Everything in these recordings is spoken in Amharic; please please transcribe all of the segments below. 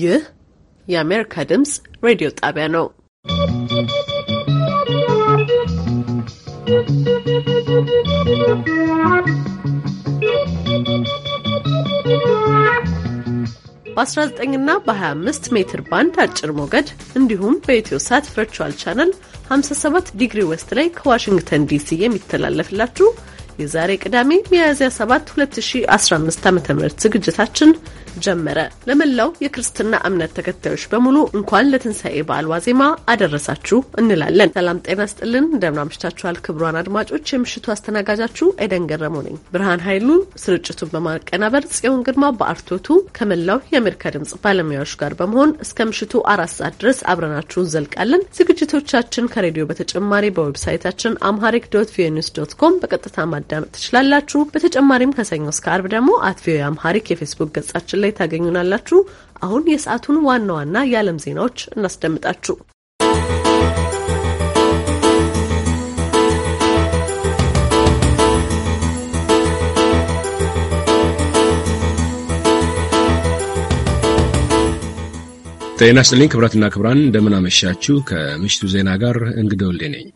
ይህ የአሜሪካ ድምፅ ሬዲዮ ጣቢያ ነው። በ19ና በ25 ሜትር ባንድ አጭር ሞገድ እንዲሁም በኢትዮ ሳት ቨርቹዋል ቻናል 57 ዲግሪ ዌስት ላይ ከዋሽንግተን ዲሲ የሚተላለፍላችሁ የዛሬ ቅዳሜ ሚያዝያ 7 2015 ዓ ም ዝግጅታችን ጀመረ። ለመላው የክርስትና እምነት ተከታዮች በሙሉ እንኳን ለትንሣኤ በዓል ዋዜማ አደረሳችሁ እንላለን። ሰላም ጤና ስጥልን፣ እንደምን አምሽታችኋል ክቡራን አድማጮች። የምሽቱ አስተናጋጃችሁ ኤደን ገረመው ነኝ። ብርሃን ኃይሉ ስርጭቱን በማቀናበር ጽዮን ግርማ በአርቶቱ ከመላው የአሜሪካ ድምጽ ባለሙያዎች ጋር በመሆን እስከ ምሽቱ አራት ሰዓት ድረስ አብረናችሁ እንዘልቃለን። ዝግጅቶቻችን ከሬዲዮ በተጨማሪ በዌብሳይታችን አምሃሪክ ዶት ቪኦኤ ኒውስ ዶት ኮም በቀጥታ ማዳመጥ ትችላላችሁ። በተጨማሪም ከሰኞ እስከ አርብ ደግሞ አት የአምሃሪክ የፌስቡክ ገጻችን ላይ ታገኙናላችሁ። አሁን የሰዓቱን ዋና ዋና የዓለም ዜናዎች እናስደምጣችሁ። ጤና ይስጥልኝ ክብራትና ክብራን፣ እንደምን አመሻችሁ። ከምሽቱ ዜና ጋር እንግዳ ወልዴ ነኝ።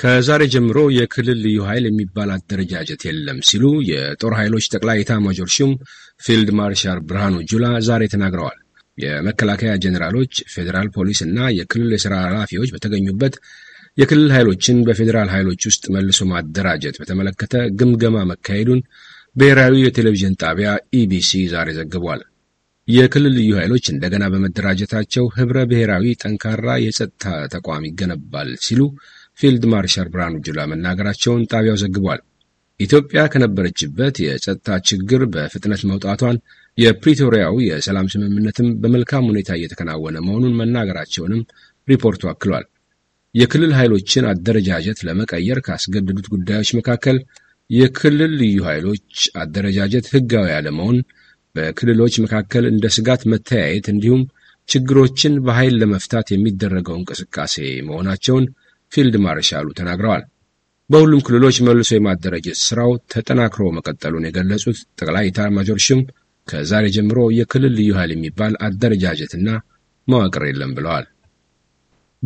ከዛሬ ጀምሮ የክልል ልዩ ኃይል የሚባል አደረጃጀት የለም ሲሉ የጦር ኃይሎች ጠቅላይ ኤታማዦር ሹም ፊልድ ማርሻል ብርሃኑ ጁላ ዛሬ ተናግረዋል። የመከላከያ ጀኔራሎች፣ ፌዴራል ፖሊስ እና የክልል የሥራ ኃላፊዎች በተገኙበት የክልል ኃይሎችን በፌዴራል ኃይሎች ውስጥ መልሶ ማደራጀት በተመለከተ ግምገማ መካሄዱን ብሔራዊ የቴሌቪዥን ጣቢያ ኢቢሲ ዛሬ ዘግቧል። የክልል ልዩ ኃይሎች እንደገና በመደራጀታቸው ኅብረ ብሔራዊ ጠንካራ የጸጥታ ተቋም ይገነባል ሲሉ ፊልድ ማርሻል ብርሃኑ ጁላ መናገራቸውን ጣቢያው ዘግቧል። ኢትዮጵያ ከነበረችበት የጸጥታ ችግር በፍጥነት መውጣቷን የፕሪቶሪያው የሰላም ስምምነትም በመልካም ሁኔታ እየተከናወነ መሆኑን መናገራቸውንም ሪፖርቱ አክሏል። የክልል ኃይሎችን አደረጃጀት ለመቀየር ካስገደዱት ጉዳዮች መካከል የክልል ልዩ ኃይሎች አደረጃጀት ሕጋዊ ያለመሆን በክልሎች መካከል እንደ ስጋት መተያየት እንዲሁም ችግሮችን በኃይል ለመፍታት የሚደረገው እንቅስቃሴ መሆናቸውን ፊልድ ማርሻሉ ተናግረዋል። በሁሉም ክልሎች መልሶ የማደራጀት ስራው ተጠናክሮ መቀጠሉን የገለጹት ጠቅላይ ኢታማዦር ሹም ከዛሬ ጀምሮ የክልል ልዩ ኃይል የሚባል አደረጃጀትና መዋቅር የለም ብለዋል።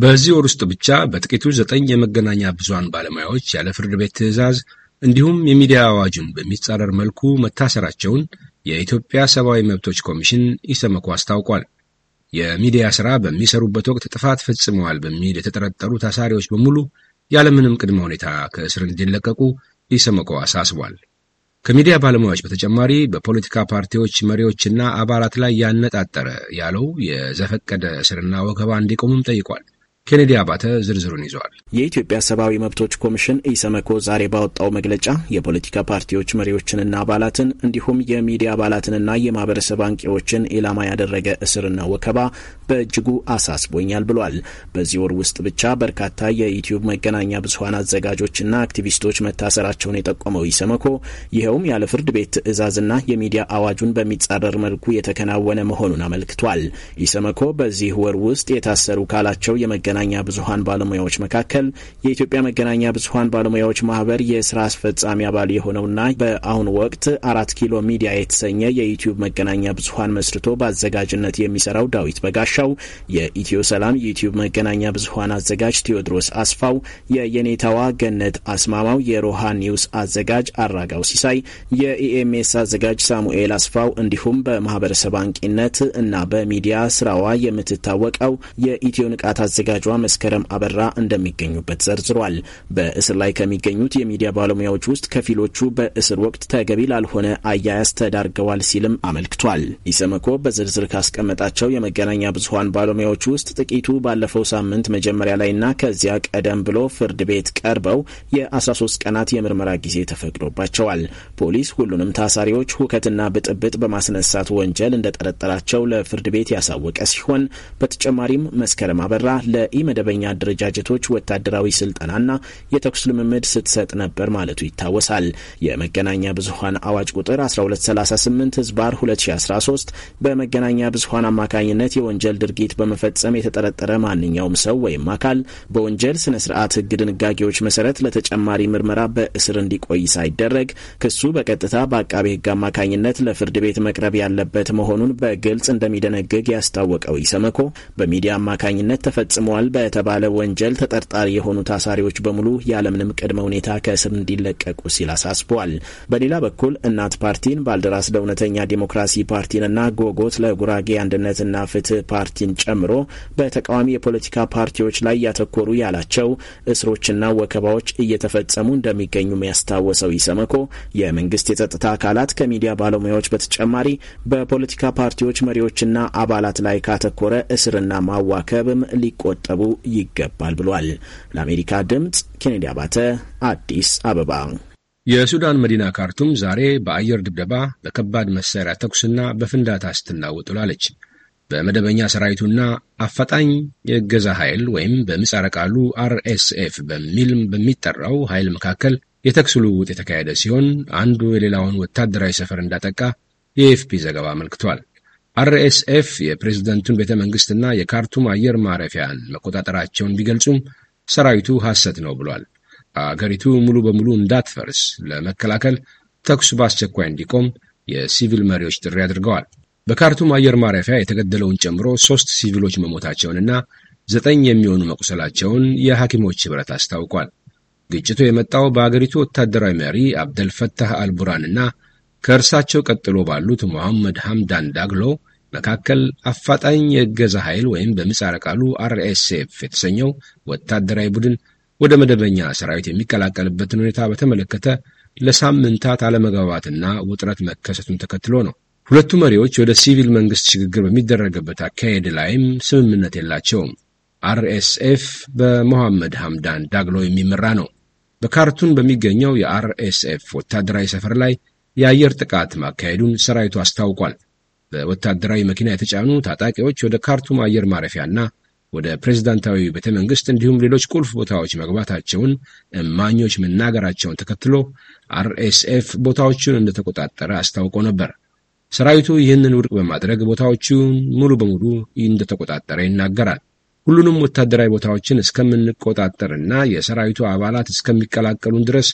በዚህ ወር ውስጥ ብቻ በጥቂቱ ዘጠኝ የመገናኛ ብዙሃን ባለሙያዎች ያለ ፍርድ ቤት ትዕዛዝ እንዲሁም የሚዲያ አዋጁን በሚጻረር መልኩ መታሰራቸውን የኢትዮጵያ ሰብአዊ መብቶች ኮሚሽን ኢሰመኮ አስታውቋል። የሚዲያ ሥራ በሚሰሩበት ወቅት ጥፋት ፈጽመዋል በሚል የተጠረጠሩ ታሳሪዎች በሙሉ ያለምንም ቅድመ ሁኔታ ከእስር እንዲለቀቁ ኢሰመኮ አሳስቧል። ከሚዲያ ባለሙያዎች በተጨማሪ በፖለቲካ ፓርቲዎች መሪዎችና አባላት ላይ ያነጣጠረ ያለው የዘፈቀደ እስርና ወከባ እንዲቆሙም ጠይቋል። ኬኔዲ አባተ ዝርዝሩን ይዘዋል። የኢትዮጵያ ሰብአዊ መብቶች ኮሚሽን ኢሰመኮ ዛሬ ባወጣው መግለጫ የፖለቲካ ፓርቲዎች መሪዎችንና አባላትን እንዲሁም የሚዲያ አባላትንና የማህበረሰብ አንቂዎችን ኢላማ ያደረገ እስርና ወከባ በእጅጉ አሳስቦኛል ብሏል። በዚህ ወር ውስጥ ብቻ በርካታ የዩትዩብ መገናኛ ብዙሀን አዘጋጆችና አክቲቪስቶች መታሰራቸውን የጠቆመው ኢሰመኮ ይኸውም ያለ ፍርድ ቤት ትዕዛዝና የሚዲያ አዋጁን በሚጻረር መልኩ የተከናወነ መሆኑን አመልክቷል። ኢሰመኮ በዚህ ወር ውስጥ የታሰሩ ካላቸው የመገና መገናኛ ብዙሀን ባለሙያዎች መካከል የኢትዮጵያ መገናኛ ብዙሀን ባለሙያዎች ማህበር የስራ አስፈጻሚ አባል የሆነውና በአሁኑ ወቅት አራት ኪሎ ሚዲያ የተሰኘ የዩትዩብ መገናኛ ብዙሀን መስርቶ በአዘጋጅነት የሚሰራው ዳዊት በጋሻው፣ የኢትዮ ሰላም ዩትዩብ መገናኛ ብዙሀን አዘጋጅ ቴዎድሮስ አስፋው፣ የየኔታዋ ገነት አስማማው፣ የሮሃ ኒውስ አዘጋጅ አራጋው ሲሳይ፣ የኢኤምኤስ አዘጋጅ ሳሙኤል አስፋው እንዲሁም በማህበረሰብ አንቂነት እና በሚዲያ ስራዋ የምትታወቀው የኢትዮ ንቃት አዘጋጅ አዘጋጇ መስከረም አበራ እንደሚገኙበት ዘርዝሯል። በእስር ላይ ከሚገኙት የሚዲያ ባለሙያዎች ውስጥ ከፊሎቹ በእስር ወቅት ተገቢ ላልሆነ አያያዝ ተዳርገዋል ሲልም አመልክቷል። ኢሰመኮ በዝርዝር ካስቀመጣቸው የመገናኛ ብዙሀን ባለሙያዎች ውስጥ ጥቂቱ ባለፈው ሳምንት መጀመሪያ ላይና ከዚያ ቀደም ብሎ ፍርድ ቤት ቀርበው የ13 ቀናት የምርመራ ጊዜ ተፈቅዶባቸዋል። ፖሊስ ሁሉንም ታሳሪዎች ሁከትና ብጥብጥ በማስነሳት ወንጀል እንደጠረጠራቸው ለፍርድ ቤት ያሳወቀ ሲሆን በተጨማሪም መስከረም አበራ ለ መደበኛ አደረጃጀቶች ወታደራዊ ስልጠናና የተኩስ ልምምድ ስትሰጥ ነበር ማለቱ ይታወሳል። የመገናኛ ብዙሀን አዋጅ ቁጥር 1238 ህዝባር 2013 በመገናኛ ብዙሀን አማካኝነት የወንጀል ድርጊት በመፈጸም የተጠረጠረ ማንኛውም ሰው ወይም አካል በወንጀል ስነ ስርዓት ህግ ድንጋጌዎች መሰረት ለተጨማሪ ምርመራ በእስር እንዲቆይ ሳይደረግ ክሱ በቀጥታ በአቃቤ ህግ አማካኝነት ለፍርድ ቤት መቅረብ ያለበት መሆኑን በግልጽ እንደሚደነግግ ያስታወቀው ኢሰመኮ በሚዲያ አማካኝነት ተፈጽመዋል ፈጽመዋል በተባለ ወንጀል ተጠርጣሪ የሆኑ ታሳሪዎች በሙሉ ያለምንም ቅድመ ሁኔታ ከእስር እንዲለቀቁ ሲል አሳስበዋል። በሌላ በኩል እናት ፓርቲን፣ ባልደራስ ለእውነተኛ ዲሞክራሲ ፓርቲንና ጎጎት ለጉራጌ አንድነትና ፍትህ ፓርቲን ጨምሮ በተቃዋሚ የፖለቲካ ፓርቲዎች ላይ ያተኮሩ ያላቸው እስሮችና ወከባዎች እየተፈጸሙ እንደሚገኙም ያስታወሰው ኢሰመኮ የመንግስት የጸጥታ አካላት ከሚዲያ ባለሙያዎች በተጨማሪ በፖለቲካ ፓርቲዎች መሪዎችና አባላት ላይ ካተኮረ እስርና ማዋከብም ሊቆጠ ሊቆጠቡ ይገባል ብሏል። ለአሜሪካ ድምፅ ኬኔዲ አባተ አዲስ አበባ። የሱዳን መዲና ካርቱም ዛሬ በአየር ድብደባ፣ በከባድ መሳሪያ ተኩስና በፍንዳታ ስትናወጥ ውላለች። በመደበኛ ሰራዊቱና አፋጣኝ የእገዛ ኃይል ወይም በምጻረ ቃሉ አርኤስኤፍ በሚል በሚጠራው ኃይል መካከል የተኩስ ልውውጥ የተካሄደ ሲሆን አንዱ የሌላውን ወታደራዊ ሰፈር እንዳጠቃ የኤፍፒ ዘገባ አመልክቷል። አርኤስኤፍ የፕሬዝደንቱን ቤተ መንግስትና የካርቱም አየር ማረፊያን መቆጣጠራቸውን ቢገልጹም ሰራዊቱ ሐሰት ነው ብሏል። አገሪቱ ሙሉ በሙሉ እንዳትፈርስ ለመከላከል ተኩስ በአስቸኳይ እንዲቆም የሲቪል መሪዎች ጥሪ አድርገዋል። በካርቱም አየር ማረፊያ የተገደለውን ጨምሮ ሦስት ሲቪሎች መሞታቸውንና ዘጠኝ የሚሆኑ መቁሰላቸውን የሐኪሞች ኅብረት አስታውቋል። ግጭቱ የመጣው በአገሪቱ ወታደራዊ መሪ አብደልፈታህ አልቡራንና ከእርሳቸው ቀጥሎ ባሉት መሐመድ ሐምዳን ዳግሎ መካከል አፋጣኝ የእገዛ ኃይል ወይም በምህጻረ ቃሉ አርኤስኤፍ የተሰኘው ወታደራዊ ቡድን ወደ መደበኛ ሰራዊት የሚቀላቀልበትን ሁኔታ በተመለከተ ለሳምንታት አለመግባባትና ውጥረት መከሰቱን ተከትሎ ነው። ሁለቱ መሪዎች ወደ ሲቪል መንግስት ሽግግር በሚደረግበት አካሄድ ላይም ስምምነት የላቸውም። አርኤስኤፍ በሞሐመድ ሐምዳን ዳግሎ የሚመራ ነው። በካርቱን በሚገኘው የአርኤስኤፍ ወታደራዊ ሰፈር ላይ የአየር ጥቃት ማካሄዱን ሰራዊቱ አስታውቋል። በወታደራዊ መኪና የተጫኑ ታጣቂዎች ወደ ካርቱም አየር ማረፊያና ወደ ፕሬዝዳንታዊ ቤተ እንዲሁም ሌሎች ቁልፍ ቦታዎች መግባታቸውን እማኞች መናገራቸውን ተከትሎ አርኤስኤፍ ቦታዎቹን እንደተቆጣጠረ አስታውቆ ነበር። ሰራዊቱ ይህንን ውድቅ በማድረግ ቦታዎቹን ሙሉ በሙሉ እንደተቆጣጠረ ይናገራል። ሁሉንም ወታደራዊ ቦታዎችን እስከምንቆጣጠርና የሰራዊቱ አባላት እስከሚቀላቀሉን ድረስ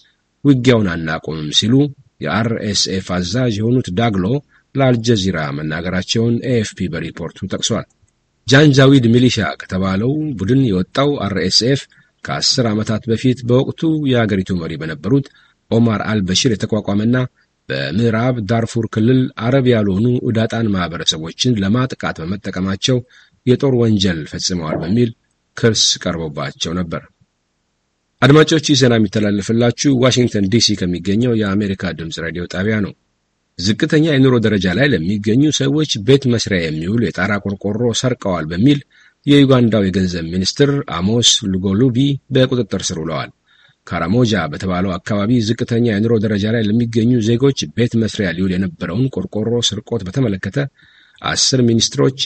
ውጊያውን አናቆምም ሲሉ የአርኤስኤፍ አዛዥ የሆኑት ዳግሎ ለአልጀዚራ መናገራቸውን ኤኤፍፒ በሪፖርቱ ጠቅሷል። ጃንጃዊድ ሚሊሻ ከተባለው ቡድን የወጣው አርኤስኤፍ ከአስር ዓመታት በፊት በወቅቱ የአገሪቱ መሪ በነበሩት ኦማር አልበሺር የተቋቋመና በምዕራብ ዳርፉር ክልል አረብ ያልሆኑ ዕዳጣን ማኅበረሰቦችን ለማጥቃት በመጠቀማቸው የጦር ወንጀል ፈጽመዋል በሚል ክስ ቀርቦባቸው ነበር። አድማጮች ይህ ዜና የሚተላለፍላችሁ ዋሽንግተን ዲሲ ከሚገኘው የአሜሪካ ድምፅ ሬዲዮ ጣቢያ ነው። ዝቅተኛ የኑሮ ደረጃ ላይ ለሚገኙ ሰዎች ቤት መስሪያ የሚውል የጣራ ቆርቆሮ ሰርቀዋል በሚል የዩጋንዳው የገንዘብ ሚኒስትር አሞስ ሉጎሉቢ በቁጥጥር ስር ውለዋል። ካራሞጃ በተባለው አካባቢ ዝቅተኛ የኑሮ ደረጃ ላይ ለሚገኙ ዜጎች ቤት መስሪያ ሊውል የነበረውን ቆርቆሮ ስርቆት በተመለከተ አስር ሚኒስትሮች፣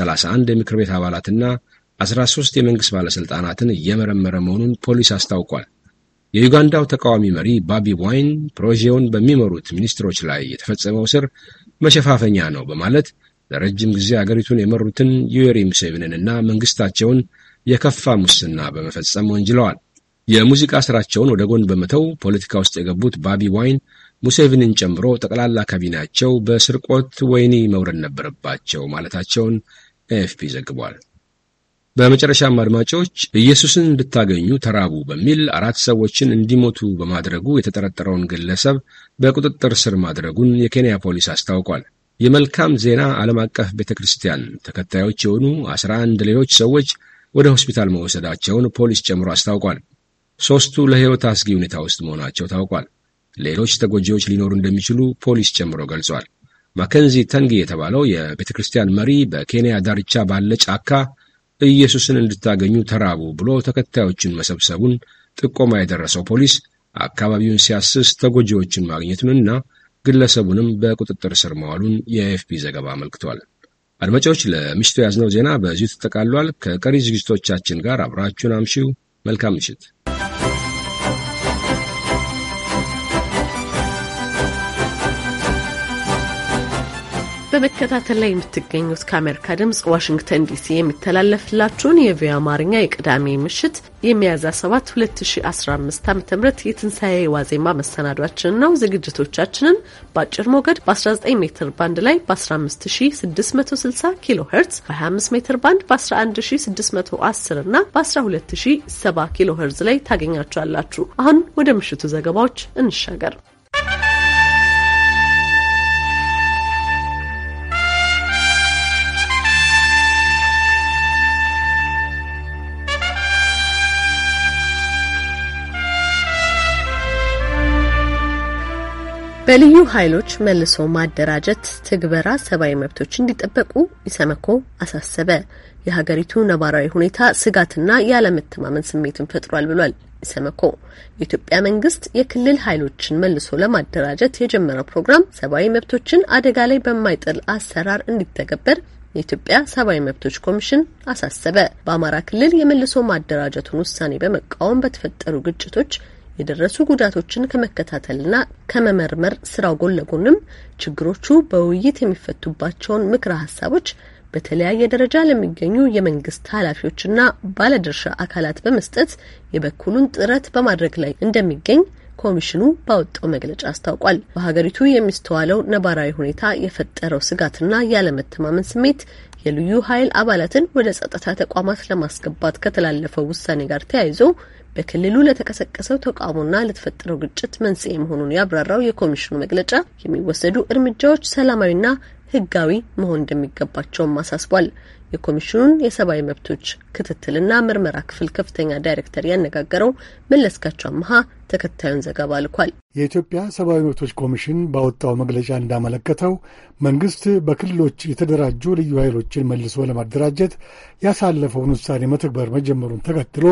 31 የምክር ቤት አባላትና 13 የመንግሥት ባለሥልጣናትን እየመረመረ መሆኑን ፖሊስ አስታውቋል። የዩጋንዳው ተቃዋሚ መሪ ባቢ ዋይን ፕሮጄውን በሚመሩት ሚኒስትሮች ላይ የተፈጸመው ስር መሸፋፈኛ ነው በማለት ለረጅም ጊዜ አገሪቱን የመሩትን ዩዌሪ ሙሴቪንንና መንግስታቸውን የከፋ ሙስና በመፈጸም ወንጅለዋል። የሙዚቃ ስራቸውን ወደ ጎን በመተው ፖለቲካ ውስጥ የገቡት ባቢ ዋይን ሙሴቪንን ጨምሮ ጠቅላላ ካቢናቸው በስርቆት ወይኒ መውረድ ነበረባቸው ማለታቸውን ኤኤፍፒ ዘግቧል። በመጨረሻም አድማጮች ኢየሱስን እንድታገኙ ተራቡ በሚል አራት ሰዎችን እንዲሞቱ በማድረጉ የተጠረጠረውን ግለሰብ በቁጥጥር ስር ማድረጉን የኬንያ ፖሊስ አስታውቋል። የመልካም ዜና ዓለም አቀፍ ቤተ ክርስቲያን ተከታዮች የሆኑ አስራ አንድ ሌሎች ሰዎች ወደ ሆስፒታል መወሰዳቸውን ፖሊስ ጨምሮ አስታውቋል። ሦስቱ ለሕይወት አስጊ ሁኔታ ውስጥ መሆናቸው ታውቋል። ሌሎች ተጎጂዎች ሊኖሩ እንደሚችሉ ፖሊስ ጨምሮ ገልጿል። ማከንዚ ተንጊ የተባለው የቤተ ክርስቲያን መሪ በኬንያ ዳርቻ ባለ ጫካ ኢየሱስን እንድታገኙ ተራቡ ብሎ ተከታዮችን መሰብሰቡን ጥቆማ የደረሰው ፖሊስ አካባቢውን ሲያስስ ተጎጂዎችን ማግኘቱንና ግለሰቡንም በቁጥጥር ስር መዋሉን የኤፍፒ ዘገባ አመልክቷል። አድማጮች፣ ለምሽቱ ያዝነው ዜና በዚሁ ተጠቃሏል። ከቀሪ ዝግጅቶቻችን ጋር አብራችሁን አምሺው። መልካም ምሽት። በመከታተል ላይ የምትገኙት ከአሜሪካ ድምጽ ዋሽንግተን ዲሲ የሚተላለፍላችሁን የቪ አማርኛ የቅዳሜ ምሽት የሚያዝያ 7 2015 ዓ ም የትንሣኤ ዋዜማ መሰናዷችንን ነው። ዝግጅቶቻችንን በአጭር ሞገድ በ19 ሜትር ባንድ ላይ በ15660 ኪሎ ሄርትዝ፣ በ25 ሜትር ባንድ በ11610 እና በ12070 ኪሎ ሄርዝ ላይ ታገኛችኋላችሁ። አሁን ወደ ምሽቱ ዘገባዎች እንሻገር። በልዩ ኃይሎች መልሶ ማደራጀት ትግበራ ሰብአዊ መብቶች እንዲጠበቁ ኢሰመኮ አሳሰበ። የሀገሪቱ ነባራዊ ሁኔታ ስጋትና ያለመተማመን ስሜትን ፈጥሯል ብሏል ኢሰመኮ። የኢትዮጵያ መንግስት የክልል ኃይሎችን መልሶ ለማደራጀት የጀመረው ፕሮግራም ሰብአዊ መብቶችን አደጋ ላይ በማይጥል አሰራር እንዲተገበር የኢትዮጵያ ሰብአዊ መብቶች ኮሚሽን አሳሰበ። በአማራ ክልል የመልሶ ማደራጀቱን ውሳኔ በመቃወም በተፈጠሩ ግጭቶች የደረሱ ጉዳቶችን ከመከታተልና ከመመርመር ስራው ጎን ለጎንም ችግሮቹ በውይይት የሚፈቱባቸውን ምክረ ሀሳቦች በተለያየ ደረጃ ለሚገኙ የመንግስት ኃላፊዎችና ባለድርሻ አካላት በመስጠት የበኩሉን ጥረት በማድረግ ላይ እንደሚገኝ ኮሚሽኑ ባወጣው መግለጫ አስታውቋል። በሀገሪቱ የሚስተዋለው ነባራዊ ሁኔታ የፈጠረው ስጋትና ያለመተማመን ስሜት የልዩ ኃይል አባላትን ወደ ጸጥታ ተቋማት ለማስገባት ከተላለፈው ውሳኔ ጋር ተያይዞ በክልሉ ለተቀሰቀሰው ተቃውሞና ለተፈጠረው ግጭት መንስኤ መሆኑን ያብራራው የኮሚሽኑ መግለጫ የሚወሰዱ እርምጃዎች ሰላማዊና ሕጋዊ መሆን እንደሚገባቸውም አሳስቧል። የኮሚሽኑን የሰብአዊ መብቶች ክትትልና ምርመራ ክፍል ከፍተኛ ዳይሬክተር ያነጋገረው መለስካቸው አምሃ ተከታዩን ዘገባ ልኳል። የኢትዮጵያ ሰብአዊ መብቶች ኮሚሽን ባወጣው መግለጫ እንዳመለከተው መንግስት በክልሎች የተደራጁ ልዩ ኃይሎችን መልሶ ለማደራጀት ያሳለፈውን ውሳኔ መተግበር መጀመሩን ተከትሎ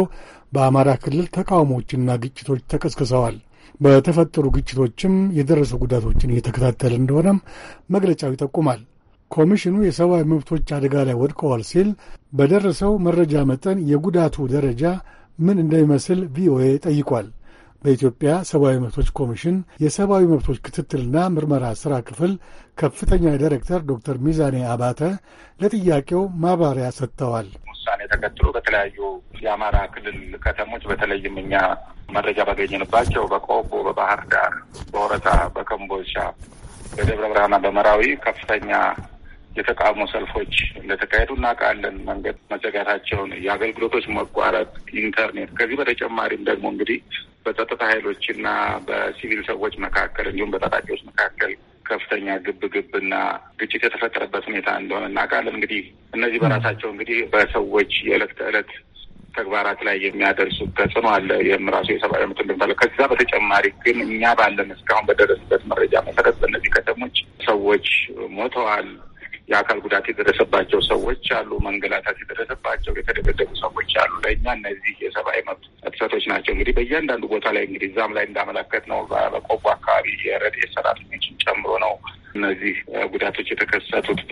በአማራ ክልል ተቃውሞዎችና ግጭቶች ተቀስቅሰዋል። በተፈጠሩ ግጭቶችም የደረሱ ጉዳቶችን እየተከታተለ እንደሆነም መግለጫው ይጠቁማል። ኮሚሽኑ የሰብአዊ መብቶች አደጋ ላይ ወድቀዋል ሲል በደረሰው መረጃ መጠን የጉዳቱ ደረጃ ምን እንደሚመስል ቪኦኤ ጠይቋል። በኢትዮጵያ ሰብአዊ መብቶች ኮሚሽን የሰብአዊ መብቶች ክትትልና ምርመራ ሥራ ክፍል ከፍተኛ ዳይሬክተር ዶክተር ሚዛኔ አባተ ለጥያቄው ማብራሪያ ሰጥተዋል። ውሳኔ ተከትሎ በተለያዩ የአማራ ክልል ከተሞች በተለይም እኛ መረጃ ባገኘንባቸው በቆቦ፣ በባህር ዳር፣ በወረታ፣ በከምቦሻ፣ በደብረ ብርሃንና በመራዊ ከፍተኛ የተቃውሞ ሰልፎች እንደተካሄዱ እናውቃለን። መንገድ መዘጋታቸውን፣ የአገልግሎቶች መቋረጥ፣ ኢንተርኔት ከዚህ በተጨማሪም ደግሞ እንግዲህ በጸጥታ ኃይሎችና በሲቪል ሰዎች መካከል እንዲሁም በታጣቂዎች መካከል ከፍተኛ ግብ ግብና ግጭት የተፈጠረበት ሁኔታ እንደሆነ እናውቃለን። እንግዲህ እነዚህ በራሳቸው እንግዲህ በሰዎች የዕለት ተዕለት ተግባራት ላይ የሚያደርሱ ተጽዕኖ አለ። ይህም ራሱ የሰብአዊ መብት እንደምታለ ከዛ በተጨማሪ ግን እኛ ባለን እስካሁን በደረስበት መረጃ መሰረት በእነዚህ ከተሞች ሰዎች ሞተዋል፣ የአካል ጉዳት የደረሰባቸው ሰዎች አሉ። መንገላታት የደረሰባቸው የተደበደቡ ሰዎች አሉ። ለእኛ እነዚህ የሰብአዊ መብት ጥሰቶች ናቸው። እንግዲህ በእያንዳንዱ ቦታ ላይ እንግዲህ እዛም ላይ እንዳመለከት ነው በቆቦ አካባቢ የረድኤት ሰራተኞችን ጨምሮ ነው እነዚህ ጉዳቶች የተከሰቱት።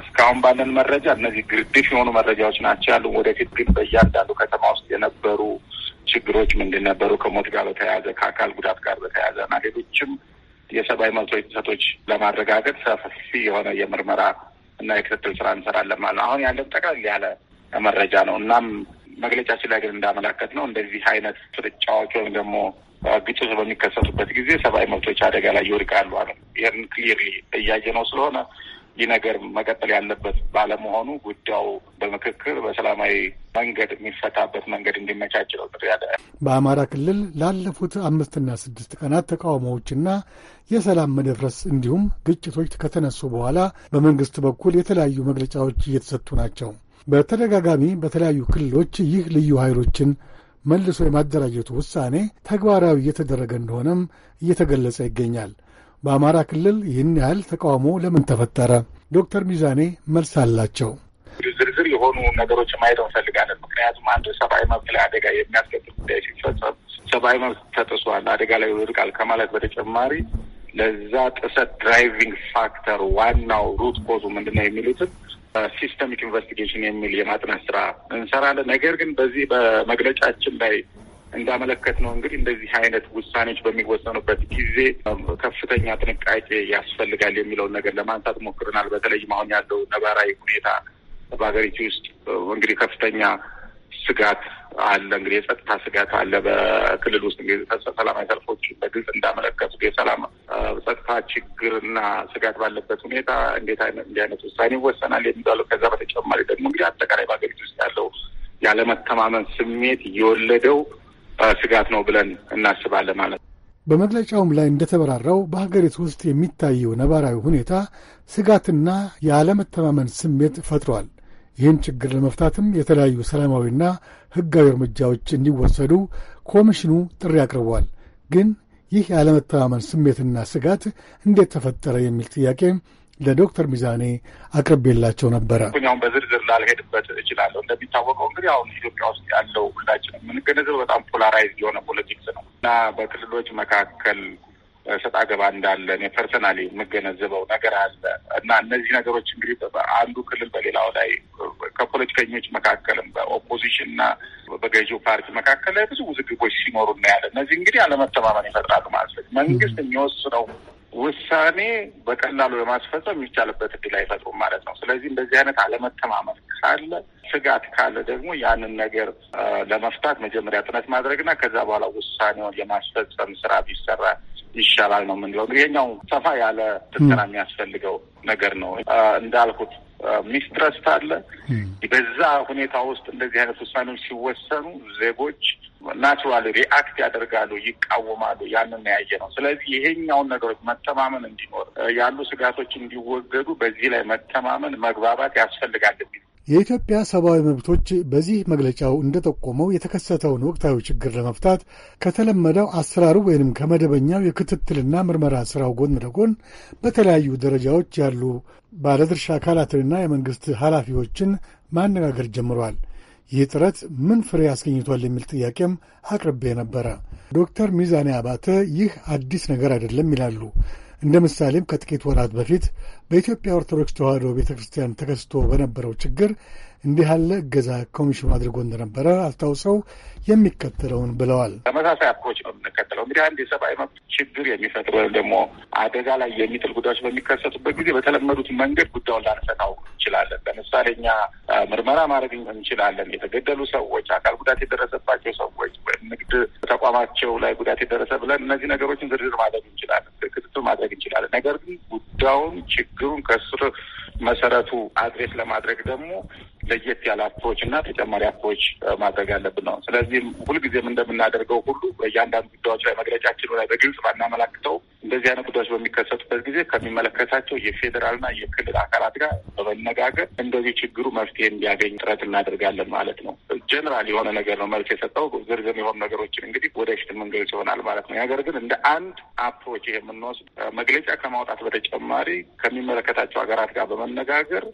እስካሁን ባለን መረጃ እነዚህ ግርድፍ የሆኑ መረጃዎች ናቸው ያሉ። ወደፊት ግን በእያንዳንዱ ከተማ ውስጥ የነበሩ ችግሮች ምንድን ነበሩ? ከሞት ጋር በተያያዘ ከአካል ጉዳት ጋር በተያያዘ እና ሌሎችም የሰብአዊ መብቶች ጥሰቶች ለማረጋገጥ ሰፊ የሆነ የምርመራ እና የክትትል ስራ እንሰራለን ማለት ነው። አሁን ያለን ጠቅለል ያለ መረጃ ነው። እናም መግለጫችን ላይ ግን እንዳመላከት ነው እንደዚህ አይነት ፍጥጫዎች ወይም ደግሞ ግጭቶች በሚከሰቱበት ጊዜ ሰብአዊ መብቶች አደጋ ላይ ይወድቃሉ አለ። ይህን ክሊርሊ እያየ ነው ስለሆነ ይህ ነገር መቀጠል ያለበት ባለመሆኑ ጉዳዩ በምክክር በሰላማዊ መንገድ የሚፈታበት መንገድ እንዲመቻች ነው ጥሪ ያለ። በአማራ ክልል ላለፉት አምስትና ስድስት ቀናት ተቃውሞዎችና የሰላም መደፍረስ እንዲሁም ግጭቶች ከተነሱ በኋላ በመንግስት በኩል የተለያዩ መግለጫዎች እየተሰጡ ናቸው። በተደጋጋሚ በተለያዩ ክልሎች ይህ ልዩ ኃይሎችን መልሶ የማደራጀቱ ውሳኔ ተግባራዊ እየተደረገ እንደሆነም እየተገለጸ ይገኛል። በአማራ ክልል ይህን ያህል ተቃውሞ ለምን ተፈጠረ? ዶክተር ሚዛኔ መልስ አላቸው። ዝርዝር የሆኑ ነገሮች ማየት እንፈልጋለን። ምክንያቱም አንድ ሰብአዊ መብት ላይ አደጋ የሚያስከትል ጉዳይ ሲፈጸም ሰብአዊ መብት ተጥሷል፣ አደጋ ላይ ወድቃል ከማለት በተጨማሪ ለዛ ጥሰት ድራይቪንግ ፋክተር ዋናው ሩት ኮዙ ምንድነው የሚሉትን ሲስተሚክ ኢንቨስቲጌሽን የሚል የማጥናት ስራ እንሰራለን። ነገር ግን በዚህ በመግለጫችን ላይ እንዳመለከት ነው እንግዲህ እንደዚህ አይነት ውሳኔዎች በሚወሰኑበት ጊዜ ከፍተኛ ጥንቃቄ ያስፈልጋል የሚለውን ነገር ለማንሳት ሞክረናል። በተለይም አሁን ያለው ነባራዊ ሁኔታ በሀገሪቱ ውስጥ እንግዲህ ከፍተኛ ስጋት አለ። እንግዲህ የጸጥታ ስጋት አለ። በክልል ውስጥ እንግዲህ ሰላማዊ ሰልፎች በግልጽ እንዳመለከቱት የሰላም ጸጥታ ችግርና ስጋት ባለበት ሁኔታ እንዴት እንዲህ አይነት ውሳኔ ይወሰናል የሚባለው ከዛ በተጨማሪ ደግሞ እንግዲህ አጠቃላይ በሀገሪቱ ውስጥ ያለው ያለመተማመን ስሜት የወለደው ስጋት ነው ብለን እናስባለን ማለት ነው። በመግለጫውም ላይ እንደተበራራው በሀገሪቱ ውስጥ የሚታየው ነባራዊ ሁኔታ ስጋትና የአለመተማመን ስሜት ፈጥሯል። ይህን ችግር ለመፍታትም የተለያዩ ሰላማዊና ሕጋዊ እርምጃዎች እንዲወሰዱ ኮሚሽኑ ጥሪ አቅርቧል። ግን ይህ የአለመተማመን ስሜትና ስጋት እንዴት ተፈጠረ የሚል ጥያቄ ለዶክተር ሚዛኔ አቅርቤላቸው ነበረ። ሁኛውን በዝርዝር ላልሄድበት እችላለሁ። እንደሚታወቀው እንግዲህ አሁን ኢትዮጵያ ውስጥ ያለው ሁላችን የምንገነዘበው በጣም ፖላራይዝ የሆነ ፖለቲክስ ነው እና በክልሎች መካከል ሰጣ ገባ እንዳለ እኔ ፐርሰናሊ የምገነዘበው ነገር አለ እና እነዚህ ነገሮች እንግዲህ አንዱ ክልል በሌላው ላይ ከፖለቲከኞች መካከልም በኦፖዚሽን እና በገዢው ፓርቲ መካከል ላይ ብዙ ውዝግቦች ሲኖሩ እናያለን። እነዚህ እንግዲህ አለመተማመን ይፈጥራሉ ማለት ነው። መንግስት የሚወስነው ውሳኔ በቀላሉ ለማስፈጸም የሚቻልበት እድል አይፈጥሩም ማለት ነው። ስለዚህ እንደዚህ አይነት አለመተማመን ካለ፣ ስጋት ካለ ደግሞ ያንን ነገር ለመፍታት መጀመሪያ ጥነት ማድረግና ከዛ በኋላ ውሳኔውን የማስፈጸም ስራ ቢሰራ ይሻላል ነው የምንለው። ይሄኛው ሰፋ ያለ ትንተና የሚያስፈልገው ነገር ነው እንዳልኩት ሚስትረስት አለ። በዛ ሁኔታ ውስጥ እንደዚህ አይነት ውሳኔዎች ሲወሰኑ ዜጎች ናቹራል ሪአክት ያደርጋሉ፣ ይቃወማሉ። ያንን ያየ ነው። ስለዚህ ይሄኛውን ነገሮች መተማመን እንዲኖር ያሉ ስጋቶች እንዲወገዱ በዚህ ላይ መተማመን፣ መግባባት ያስፈልጋል የሚል የኢትዮጵያ ሰብአዊ መብቶች በዚህ መግለጫው እንደጠቆመው የተከሰተውን ወቅታዊ ችግር ለመፍታት ከተለመደው አሰራሩ ወይንም ከመደበኛው የክትትልና ምርመራ ስራው ጎን ለጎን በተለያዩ ደረጃዎች ያሉ ባለድርሻ አካላትንና የመንግስት ኃላፊዎችን ማነጋገር ጀምሯል። ይህ ጥረት ምን ፍሬ አስገኝቷል የሚል ጥያቄም አቅርቤ ነበረ። ዶክተር ሚዛኔ አባተ ይህ አዲስ ነገር አይደለም ይላሉ። እንደ ምሳሌም ከጥቂት ወራት በፊት በኢትዮጵያ ኦርቶዶክስ ተዋሕዶ ቤተ ክርስቲያን ተከስቶ በነበረው ችግር እንዲህ ያለ እገዛ ኮሚሽኑ አድርጎ እንደነበረ አስታውሰው የሚከተለውን ብለዋል። ተመሳሳይ አፕሮች ነው የምንከተለው። እንግዲህ አንድ የሰብአዊ መብት ችግር የሚፈጥር ወይም ደግሞ አደጋ ላይ የሚጥል ጉዳዮች በሚከሰቱበት ጊዜ በተለመዱት መንገድ ጉዳዩን ላንፈታው እንችላለን። ለምሳሌ እኛ ምርመራ ማድረግ እንችላለን። የተገደሉ ሰዎች፣ አካል ጉዳት የደረሰባቸው ሰዎች ወይም ንግድ ተቋማቸው ላይ ጉዳት የደረሰ ብለን እነዚህ ነገሮችን ዝርዝር ማድረግ እንችላለን፣ ክትትል ማድረግ እንችላለን። ነገር ግን ጉዳዩን ችግሩን ከስር መሰረቱ አድሬስ ለማድረግ ደግሞ ለየት ያለ አፕሮች እና ተጨማሪ አፕሮች ማድረግ ያለብን ነው። ስለዚህም ሁልጊዜም እንደምናደርገው ሁሉ በእያንዳንዱ ጉዳዮች ላይ መግለጫችን ላይ በግልጽ ባናመላክተው እንደዚህ አይነት ጉዳዮች በሚከሰቱበት ጊዜ ከሚመለከታቸው የፌዴራልና የክልል አካላት ጋር በመነጋገር እንደዚህ ችግሩ መፍትሄ እንዲያገኝ ጥረት እናደርጋለን ማለት ነው። ጀነራል የሆነ ነገር ነው መልስ የሰጠው። ዝርዝር የሆኑ ነገሮችን እንግዲህ ወደፊት የምንገልጽ ይሆናል ማለት ነው። ነገር ግን እንደ አንድ አፕሮች ይሄ የምንወስድ መግለጫ ከማውጣት በተጨማሪ ከሚመለከታቸው ሀገራት ጋር በመነጋገር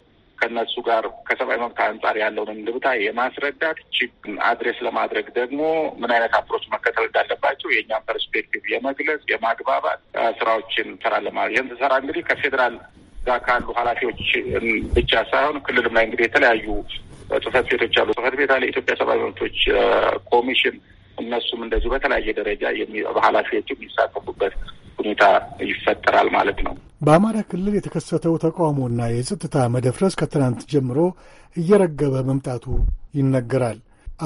ከነሱ ጋር ከሰብአዊ መብት አንጻር ያለውን እንድብታ የማስረዳት ችግር አድሬስ ለማድረግ ደግሞ ምን አይነት አፕሮች መከተል እንዳለባቸው የእኛም ፐርስፔክቲቭ የመግለጽ የማግባባት ስራዎችን እንሰራለን ማለት ይህን ስራ እንግዲህ ከፌዴራል ጋር ካሉ ኃላፊዎች ብቻ ሳይሆን ክልልም ላይ እንግዲህ የተለያዩ ጽህፈት ቤቶች አሉ። ጽህፈት ቤት አለ። የኢትዮጵያ ሰብአዊ መብቶች ኮሚሽን እነሱም እንደዚሁ በተለያየ ደረጃ ኃላፊዎች የሚሳተፉበት ሁኔታ ይፈጠራል ማለት ነው። በአማራ ክልል የተከሰተው ተቃውሞና የጸጥታ መደፍረስ ከትናንት ጀምሮ እየረገበ መምጣቱ ይነገራል።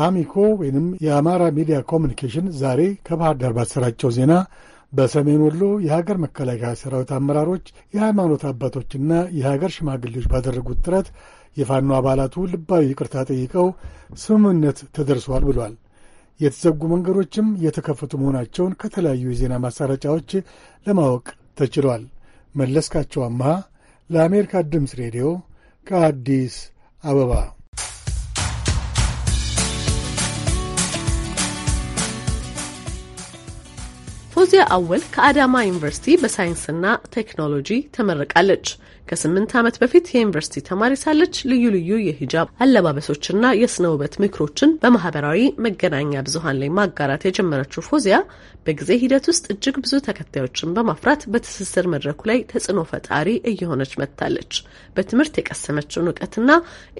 አሚኮ ወይንም የአማራ ሚዲያ ኮሚኒኬሽን ዛሬ ከባህር ዳር ባሰራጨው ዜና በሰሜን ወሎ የሀገር መከላከያ ሰራዊት አመራሮች፣ የሃይማኖት አባቶችና የሀገር ሽማግሌዎች ባደረጉት ጥረት የፋኖ አባላቱ ልባዊ ይቅርታ ጠይቀው ስምምነት ተደርሷል ብሏል። የተዘጉ መንገዶችም የተከፈቱ መሆናቸውን ከተለያዩ የዜና ማሰራጫዎች ለማወቅ ተችሏል። መለስካቸው አመሃ ለአሜሪካ ድምፅ ሬዲዮ ከአዲስ አበባ ፎዚያ አወል ከአዳማ ዩኒቨርሲቲ በሳይንስና ቴክኖሎጂ ተመርቃለች። ከስምንት ዓመት በፊት የዩኒቨርሲቲ ተማሪ ሳለች ልዩ ልዩ የሂጃብ አለባበሶችና የስነ ውበት ምክሮችን በማህበራዊ መገናኛ ብዙሀን ላይ ማጋራት የጀመረችው ፎዚያ በጊዜ ሂደት ውስጥ እጅግ ብዙ ተከታዮችን በማፍራት በትስስር መድረኩ ላይ ተጽዕኖ ፈጣሪ እየሆነች መጥታለች። በትምህርት የቀሰመችውን እውቀትና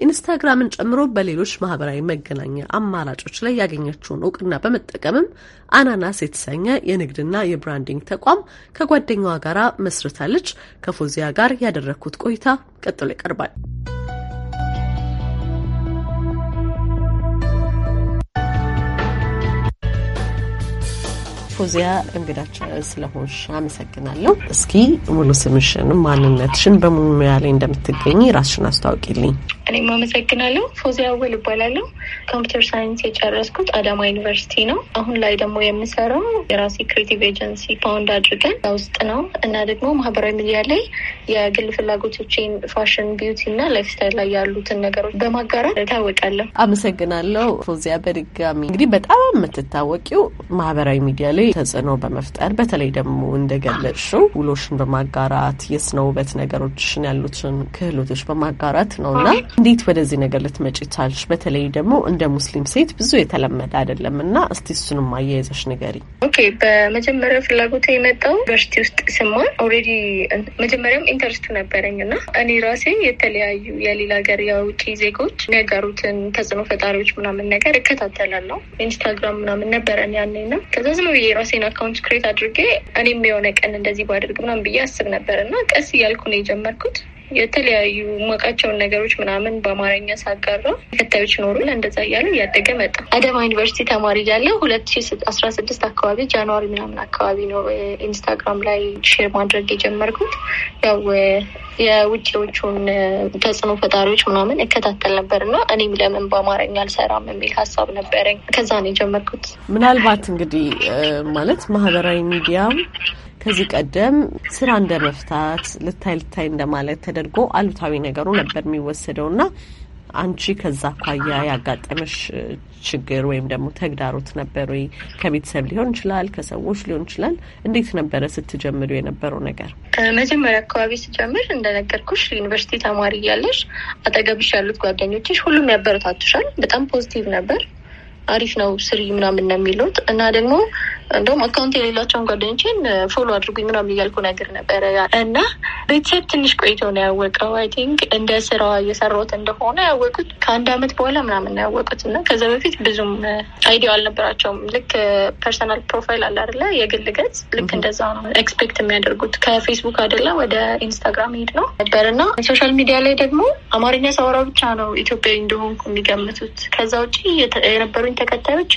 ኢንስታግራምን ጨምሮ በሌሎች ማህበራዊ መገናኛ አማራጮች ላይ ያገኘችውን እውቅና በመጠቀምም አናናስ የተሰኘ የንግድና የብራንዲንግ ተቋም ከጓደኛዋ ጋር መስርታለች። ከፎዚያ ጋር ያደረ ያደረግኩት ቆይታ ቀጥሎ ይቀርባል። ፎዚያ እንግዳችን ስለሆንሽ አመሰግናለሁ። እስኪ ሙሉ ስምሽንም ማንነትሽን በሙያ ላይ እንደምትገኝ ራስሽን አስታውቂልኝ። እኔም አመሰግናለሁ። ፎዚያ አወል እባላለሁ። ኮምፒውተር ሳይንስ የጨረስኩት አዳማ ዩኒቨርሲቲ ነው። አሁን ላይ ደግሞ የምሰራው የራሴ ክሬቲቭ ኤጀንሲ ፋውንድ አድርገን ውስጥ ነው እና ደግሞ ማህበራዊ ሚዲያ ላይ የግል ፍላጎቶችን ፋሽን፣ ቢዩቲ እና ላይፍ ስታይል ላይ ያሉትን ነገሮች በማጋራት እታወቃለሁ። አመሰግናለሁ ፎዚያ። በድጋሚ እንግዲህ በጣም የምትታወቂው ማህበራዊ ሚዲያ ላይ ተጽዕኖ በመፍጠር በተለይ ደግሞ እንደገለጽሽው ውሎሽን በማጋራት የስነ ውበት ነገሮችን ያሉትን ክህሎቶች በማጋራት ነው እና እንዴት ወደዚህ ነገር ልትመጪ ቻልሽ? በተለይ ደግሞ እንደ ሙስሊም ሴት ብዙ የተለመደ አይደለም እና እስቲ እሱንም አያይዘሽ ንገሪ። ኦኬ በመጀመሪያ ፍላጎት የመጣው ዩኒቨርሲቲ ውስጥ ስማር ኦልሬዲ መጀመሪያም ኢንተርስቱ ነበረኝ እና እኔ ራሴ የተለያዩ የሌላ ሀገር የውጭ ዜጎች የሚያጋሩትን ተጽዕኖ ፈጣሪዎች ምናምን ነገር እከታተላለሁ። ኢንስታግራም ምናምን ነበረን ያኔ ና ከዛ ዝም ብዬ የራሴን አካውንት ክሬት አድርጌ እኔም የሆነ ቀን እንደዚህ ባደርግ ምናምን ብዬ አስብ ነበር እና ቀስ እያልኩ ነው የጀመርኩት። የተለያዩ ሞቃቸውን ነገሮች ምናምን በአማርኛ ሳጋራ ተከታዮች ኖሩ። እንደዛ እያለ እያደገ መጣ። አደማ ዩኒቨርሲቲ ተማሪ ያለው ሁለት ሺ አስራ ስድስት አካባቢ ጃንዋሪ ምናምን አካባቢ ነው ኢንስታግራም ላይ ሼር ማድረግ የጀመርኩት ያው የውጭዎቹን ተጽዕኖ ፈጣሪዎች ምናምን እከታተል ነበር እና እኔም ለምን በአማርኛ አልሰራም የሚል ሀሳብ ነበረኝ። ከዛ ነው የጀመርኩት። ምናልባት እንግዲህ ማለት ማህበራዊ ሚዲያም ከዚህ ቀደም ስራ እንደ መፍታት ልታይ ልታይ እንደማለት ተደርጎ አሉታዊ ነገሩ ነበር የሚወሰደው እና አንቺ ከዛ አኳያ ያጋጠመሽ ችግር ወይም ደግሞ ተግዳሮት ነበር ወይ? ከቤተሰብ ሊሆን ይችላል፣ ከሰዎች ሊሆን ይችላል። እንዴት ነበረ ስትጀምሩ የነበረው ነገር? መጀመሪያ አካባቢ ስጀምር እንደነገርኩሽ ዩኒቨርሲቲ ተማሪ እያለሽ አጠገብሽ ያሉት ጓደኞችሽ ሁሉም ያበረታቱሻል። በጣም ፖዚቲቭ ነበር። አሪፍ ነው ስሪ ምናምን ነው የሚሉት እና ደግሞ እንደውም አካውንት የሌላቸውን ጓደኞችን ፎሎ አድርጉኝ ምናምን እያልኩ ነገር ነበረ እና ቤተሰብ ትንሽ ቆይቶ ነው ያወቀው። አይ ቲንክ እንደ ስራ እየሰራሁት እንደሆነ ያወቁት ከአንድ አመት በኋላ ምናምን ነው ያወቁት እና ከዛ በፊት ብዙም አይዲያ አልነበራቸውም። ልክ ፐርሰናል ፕሮፋይል አለ አይደለ? የግል ገጽ ልክ እንደዛ ነው ኤክስፔክት የሚያደርጉት። ከፌስቡክ አይደለ ወደ ኢንስታግራም ሄድ ነው ነበር እና ሶሻል ሚዲያ ላይ ደግሞ አማርኛ ሳወራ ብቻ ነው ኢትዮጵያዊ እንደሆንኩ የሚገምቱት። ከዛ ውጭ የነበሩኝ ተከታዮች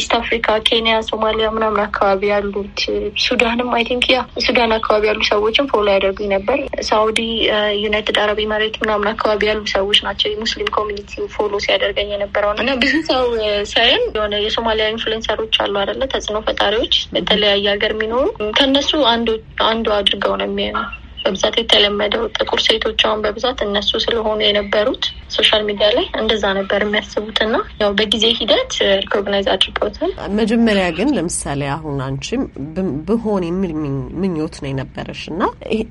ኢስት አፍሪካ፣ ኬንያ፣ ሶማሊያ ምናምን ምናምን አካባቢ ያሉት ሱዳንም አይ ቲንክ ያ ሱዳን አካባቢ ያሉ ሰዎችም ፎሎ ያደርጉኝ ነበር። ሳውዲ ዩናይትድ አረብ ኤማሬት ምናምን አካባቢ ያሉ ሰዎች ናቸው የሙስሊም ኮሚኒቲ ፎሎ ሲያደርገኝ የነበረው እና ብዙ ሰው ሳይም የሆነ የሶማሊያ ኢንፍሉዌንሰሮች አሉ አይደለ፣ ተጽዕኖ ፈጣሪዎች በተለያየ ሀገር የሚኖሩ ከእነሱ አንዱ አንዱ አድርገው ነው የሚሆነው በብዛት የተለመደው ጥቁር ሴቶች አሁን በብዛት እነሱ ስለሆኑ የነበሩት ሶሻል ሚዲያ ላይ እንደዛ ነበር የሚያስቡት እና ያው በጊዜ ሂደት ሪኮግናይዝ አድርገውታል። መጀመሪያ ግን ለምሳሌ አሁን አንቺም ብሆን የሚል ምኞት ነው የነበረሽ እና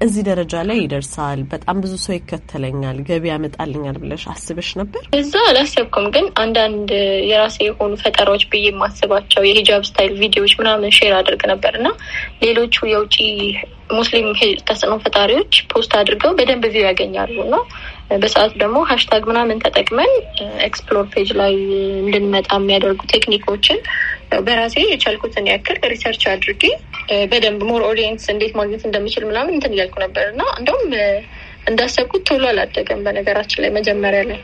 እዚህ ደረጃ ላይ ይደርሳል፣ በጣም ብዙ ሰው ይከተለኛል፣ ገቢ ያመጣልኛል ብለሽ አስበሽ ነበር? እዛ አላሰብኩም። ግን አንዳንድ የራሴ የሆኑ ፈጠራዎች ብዬ የማስባቸው የሂጃብ ስታይል ቪዲዮዎች ምናምን ሼር አድርግ ነበር እና ሌሎቹ የውጭ ሙስሊም ተጽዕኖ ፈጣሪዎች ፖስት አድርገው በደንብ ቪው ያገኛሉ እና በሰዓቱ ደግሞ ሀሽታግ ምናምን ተጠቅመን ኤክስፕሎር ፔጅ ላይ እንድንመጣ የሚያደርጉ ቴክኒኮችን በራሴ የቻልኩትን ያክል ሪሰርች አድርጌ በደንብ ሞር ኦዲየንስ እንዴት ማግኘት እንደምችል ምናምን እንትን እያልኩ ነበር እና እንደውም እንዳሰብኩት ቶሎ አላደገም። በነገራችን ላይ መጀመሪያ ላይ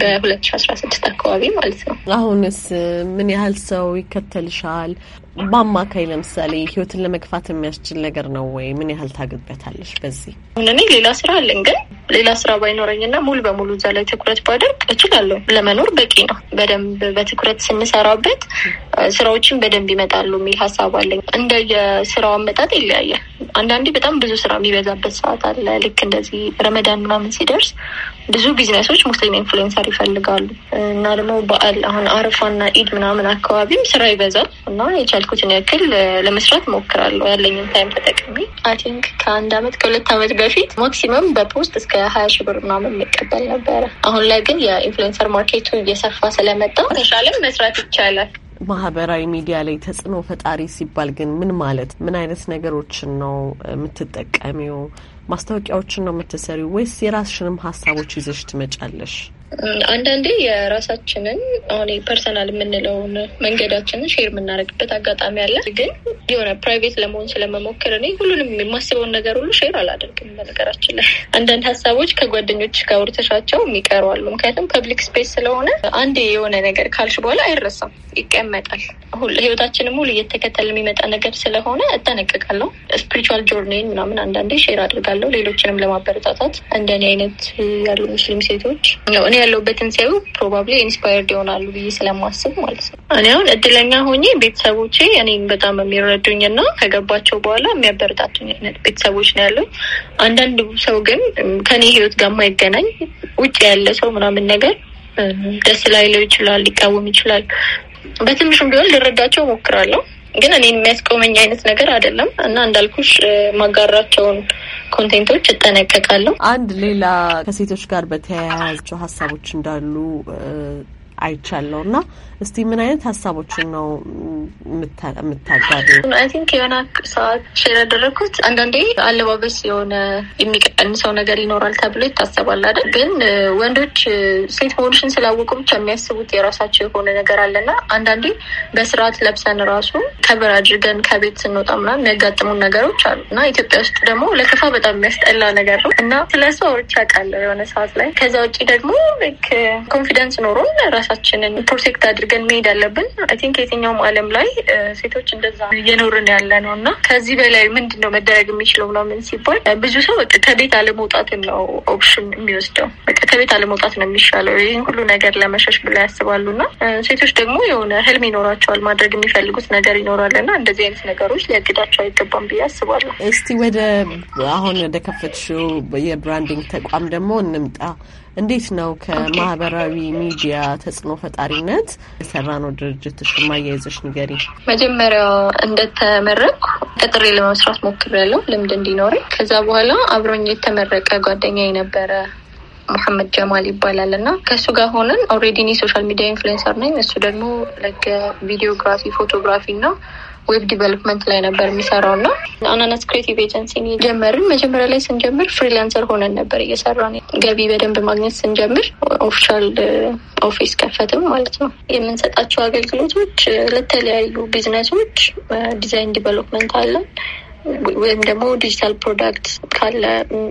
በሁለት ሺ አስራ ስድስት አካባቢ ማለት ነው። አሁንስ ምን ያህል ሰው ይከተልሻል? በአማካይ ለምሳሌ ህይወትን ለመግፋት የሚያስችል ነገር ነው ወይ? ምን ያህል ታግበታለች? በዚህ እኔ ሌላ ስራ አለኝ፣ ግን ሌላ ስራ ባይኖረኝና ሙሉ በሙሉ እዛ ላይ ትኩረት ባደርግ እችላለሁ። ለመኖር በቂ ነው። በደንብ በትኩረት ስንሰራበት ስራዎችን በደንብ ይመጣሉ የሚል ሀሳብ አለኝ። እንደ የስራው አመጣጥ ይለያያል። አንዳንዴ በጣም ብዙ ስራ የሚበዛበት ሰዓት አለ። ልክ እንደዚህ ረመዳን ምናምን ሲደርስ ብዙ ቢዝነሶች ሙስሊም ኢንፍሉዌንሰር ይፈልጋሉ እና ደግሞ በዓል አሁን አረፋና ኢድ ምናምን አካባቢም ስራ ይበዛል እና የቻልኩትን ያክል ለመስራት ሞክራለሁ። ያለኝን ታይም ተጠቅሚ አይ ከአንድ አመት ከሁለት አመት በፊት ማክሲመም በፖስት እስከ ሀያ ሺ ብር ምናምን የሚቀበል ነበረ። አሁን ላይ ግን የኢንፍሉዌንሰር ማርኬቱ እየሰፋ ስለመጣ ተሻለም መስራት ይቻላል። ማህበራዊ ሚዲያ ላይ ተጽዕኖ ፈጣሪ ሲባል ግን ምን ማለት ምን አይነት ነገሮችን ነው የምትጠቀሚው? ማስታወቂያዎችን ነው የምትሰሪው ወይስ የራስሽንም ሀሳቦች ይዘሽ ትመጫለሽ? አንዳንዴ የራሳችንን አሁን ፐርሰናል የምንለውን መንገዳችንን ሼር የምናደርግበት አጋጣሚ አለ። ግን የሆነ ፕራይቬት ለመሆን ስለመሞክር እኔ ሁሉንም የማስበውን ነገር ሁሉ ሼር አላደርግም። በነገራችን ላይ አንዳንድ ሀሳቦች ከጓደኞች ጋር አውርተሻቸው የሚቀሩ አሉ። ምክንያቱም ፐብሊክ ስፔስ ስለሆነ አንዴ የሆነ ነገር ካልሽ በኋላ አይረሳም፣ ይቀመጣል። ህይወታችንም ሁሉ እየተከተል የሚመጣ ነገር ስለሆነ እጠነቀቃለሁ። ስፒሪቹዋል ጆርኒን ምናምን አንዳንዴ ሼር አድርጋለሁ፣ ሌሎችንም ለማበረታታት እንደኔ አይነት ያሉ ሙስሊም ሴቶች ያለሁበትን ሲያዩ ፕሮባብሊ ኢንስፓየርድ ይሆናሉ ብዬ ስለማስብ ማለት ነው። እኔ አሁን እድለኛ ሆኜ ቤተሰቦቼ እኔ በጣም የሚረዱኝ እና ከገባቸው በኋላ የሚያበረታቱኝ አይነት ቤተሰቦች ነው ያለው። አንዳንድ ሰው ግን ከኔ ህይወት ጋር ማይገናኝ ውጭ ያለ ሰው ምናምን ነገር ደስ ላይለው ይችላል፣ ሊቃወም ይችላል። በትንሹም ቢሆን ልረዳቸው ሞክራለሁ ግን እኔን የሚያስቆመኝ አይነት ነገር አይደለም እና እንዳልኩሽ ማጋራቸውን ኮንቴንቶች እጠነቀቃለሁ። አንድ ሌላ ከሴቶች ጋር በተያያዙ ሀሳቦች እንዳሉ አይቻለሁ እና እስቲ ምን አይነት ሀሳቦችን ነው የምታጋዱ? ቲንክ የሆነ ሰዓት ሼር ያደረግኩት አንዳንዴ አለባበስ የሆነ የሚቀንሰው ነገር ይኖራል ተብሎ ይታሰባል አይደል? ግን ወንዶች ሴት መሆንሽን ስላወቁ ብቻ የሚያስቡት የራሳቸው የሆነ ነገር አለና አንዳንዴ በስርዓት ለብሰን ራሱ ከበር አድርገን ከቤት ስንወጣ ምናምን የሚያጋጥሙን ነገሮች አሉ እና ኢትዮጵያ ውስጥ ደግሞ ለከፋ በጣም የሚያስጠላ ነገር ነው እና ስለ አውርቼ አውቃለሁ የሆነ ሰዓት ላይ። ከዛ ውጭ ደግሞ ኮንፊደንስ ኖሮ ራሳችንን ፕሮቴክት አድርገን አድርገን መሄድ አለብን። አይ ቲንክ የትኛውም ዓለም ላይ ሴቶች እንደዛ እየኖርን ያለ ነው እና ከዚህ በላይ ምንድን ነው መደረግ የሚችለው ምናምን ሲባል ብዙ ሰው በቃ ከቤት አለመውጣትን ነው ኦፕሽን የሚወስደው። በቃ ከቤት አለመውጣት ነው የሚሻለው ይህን ሁሉ ነገር ለመሸሽ ብለው ያስባሉ። እና ሴቶች ደግሞ የሆነ ህልም ይኖራቸዋል፣ ማድረግ የሚፈልጉት ነገር ይኖራል እና እንደዚህ አይነት ነገሮች ሊያግዳቸው አይገባም ብዬ አስባለሁ። እስቲ ወደ አሁን ወደ ከፈትሽው የብራንዲንግ ተቋም ደግሞ እንምጣ። እንዴት ነው ከማህበራዊ ሚዲያ ተጽዕኖ ፈጣሪነት የሰራ ነው ድርጅት ሽማ ማያይዘሽ ንገሪ። መጀመሪያ እንደተመረቅኩ ቀጥሬ ለመስራት ሞክሬያለሁ ልምድ እንዲኖረኝ። ከዛ በኋላ አብሮኝ የተመረቀ ጓደኛ የነበረ መሐመድ ጀማል ይባላል እና ከእሱ ጋር ሆነን ኦልሬዲ እኔ ሶሻል ሚዲያ ኢንፍሉዌንሰር ነኝ፣ እሱ ደግሞ ለገ ቪዲዮግራፊ ፎቶግራፊ እና ዌብ ዲቨሎፕመንት ላይ ነበር የሚሰራው እና አናናስ ክሬቲቭ ኤጀንሲን ጀመርን። መጀመሪያ ላይ ስንጀምር ፍሪላንሰር ሆነን ነበር እየሰራን። ገቢ በደንብ ማግኘት ስንጀምር ኦፊሻል ኦፊስ ከፈትም ማለት ነው። የምንሰጣቸው አገልግሎቶች ለተለያዩ ቢዝነሶች ዲዛይን ዲቨሎፕመንት አለን ወይም ደግሞ ዲጂታል ፕሮዳክት ካለ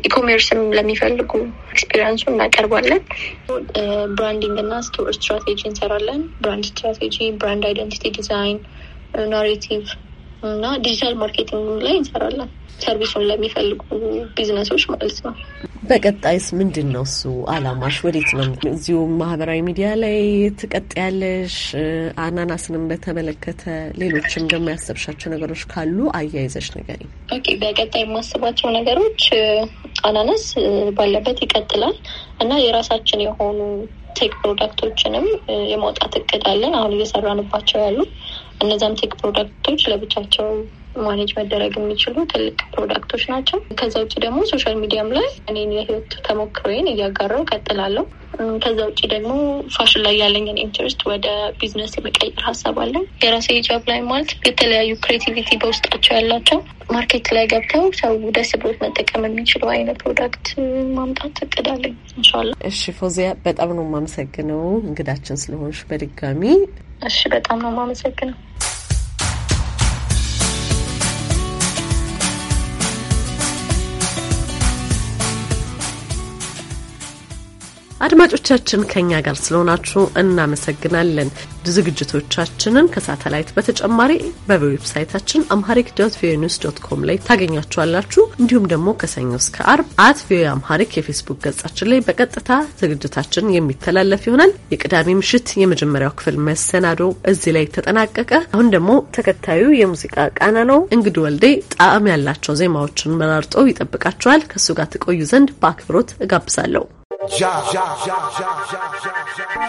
ኢኮሜርስም ለሚፈልጉ ኤክስፒሪንሱ እናቀርባለን። ብራንዲንግ እና ስቶር ስትራቴጂ እንሰራለን። ብራንድ ስትራቴጂ፣ ብራንድ አይደንቲቲ ዲዛይን ናሬቲቭ እና ዲጂታል ማርኬቲንግ ላይ እንሰራለን። ሰርቪሱን ለሚፈልጉ ቢዝነሶች ማለት ነው። በቀጣይስ ምንድን ነው እሱ አላማሽ? ወዴት ነው? እዚሁ ማህበራዊ ሚዲያ ላይ ትቀጥያለሽ? አናናስንም በተመለከተ ሌሎችም ደግሞ ያሰብሻቸው ነገሮች ካሉ አያይዘሽ ነገር በቀጣይ የማስባቸው ነገሮች አናናስ ባለበት ይቀጥላል እና የራሳችን የሆኑ ቴክ ፕሮዳክቶችንም የማውጣት እቅድ አለን። አሁን እየሰራንባቸው ያሉ እነዚያም ቴክ ፕሮዳክቶች ለብቻቸው ማኔጅ መደረግ የሚችሉ ትልቅ ፕሮዳክቶች ናቸው። ከዛ ውጭ ደግሞ ሶሻል ሚዲያም ላይ እኔን የህይወት ተሞክሮዬን እያጋራው ቀጥላለሁ። ከዛ ውጭ ደግሞ ፋሽን ላይ ያለኝን ኢንትረስት ወደ ቢዝነስ የመቀየር ሀሳብ አለን። የራሴ ጃብ ላይ ማለት የተለያዩ ክሬቲቪቲ በውስጣቸው ያላቸው ማርኬት ላይ ገብተው ሰው ደስ ብሎት መጠቀም የሚችለው አይነት ፕሮዳክት ማምጣት እቅዳለኝ እንሻላ። እሺ ፎዚያ፣ በጣም ነው የማመሰግነው እንግዳችን ስለሆንሽ በድጋሚ። እሺ፣ በጣም ነው የማመሰግነው። አድማጮቻችን ከኛ ጋር ስለሆናችሁ እናመሰግናለን። ዝግጅቶቻችንን ከሳተላይት በተጨማሪ በዌብሳይታችን አምሃሪክ ዶት ቪኦኤ ኒውስ ዶት ኮም ላይ ታገኛችኋላችሁ። እንዲሁም ደግሞ ከሰኞ እስከ አርብ አት ቪኦኤ አምሃሪክ የፌስቡክ ገጻችን ላይ በቀጥታ ዝግጅታችን የሚተላለፍ ይሆናል። የቅዳሜ ምሽት የመጀመሪያው ክፍል መሰናዶ እዚህ ላይ ተጠናቀቀ። አሁን ደግሞ ተከታዩ የሙዚቃ ቃና ነው። እንግዲህ ወልዴ ጣዕም ያላቸው ዜማዎችን መራርጦ ይጠብቃችኋል። ከእሱ ጋር ትቆዩ ዘንድ በአክብሮት እጋብዛለሁ። já, já, já, já, já, já, já.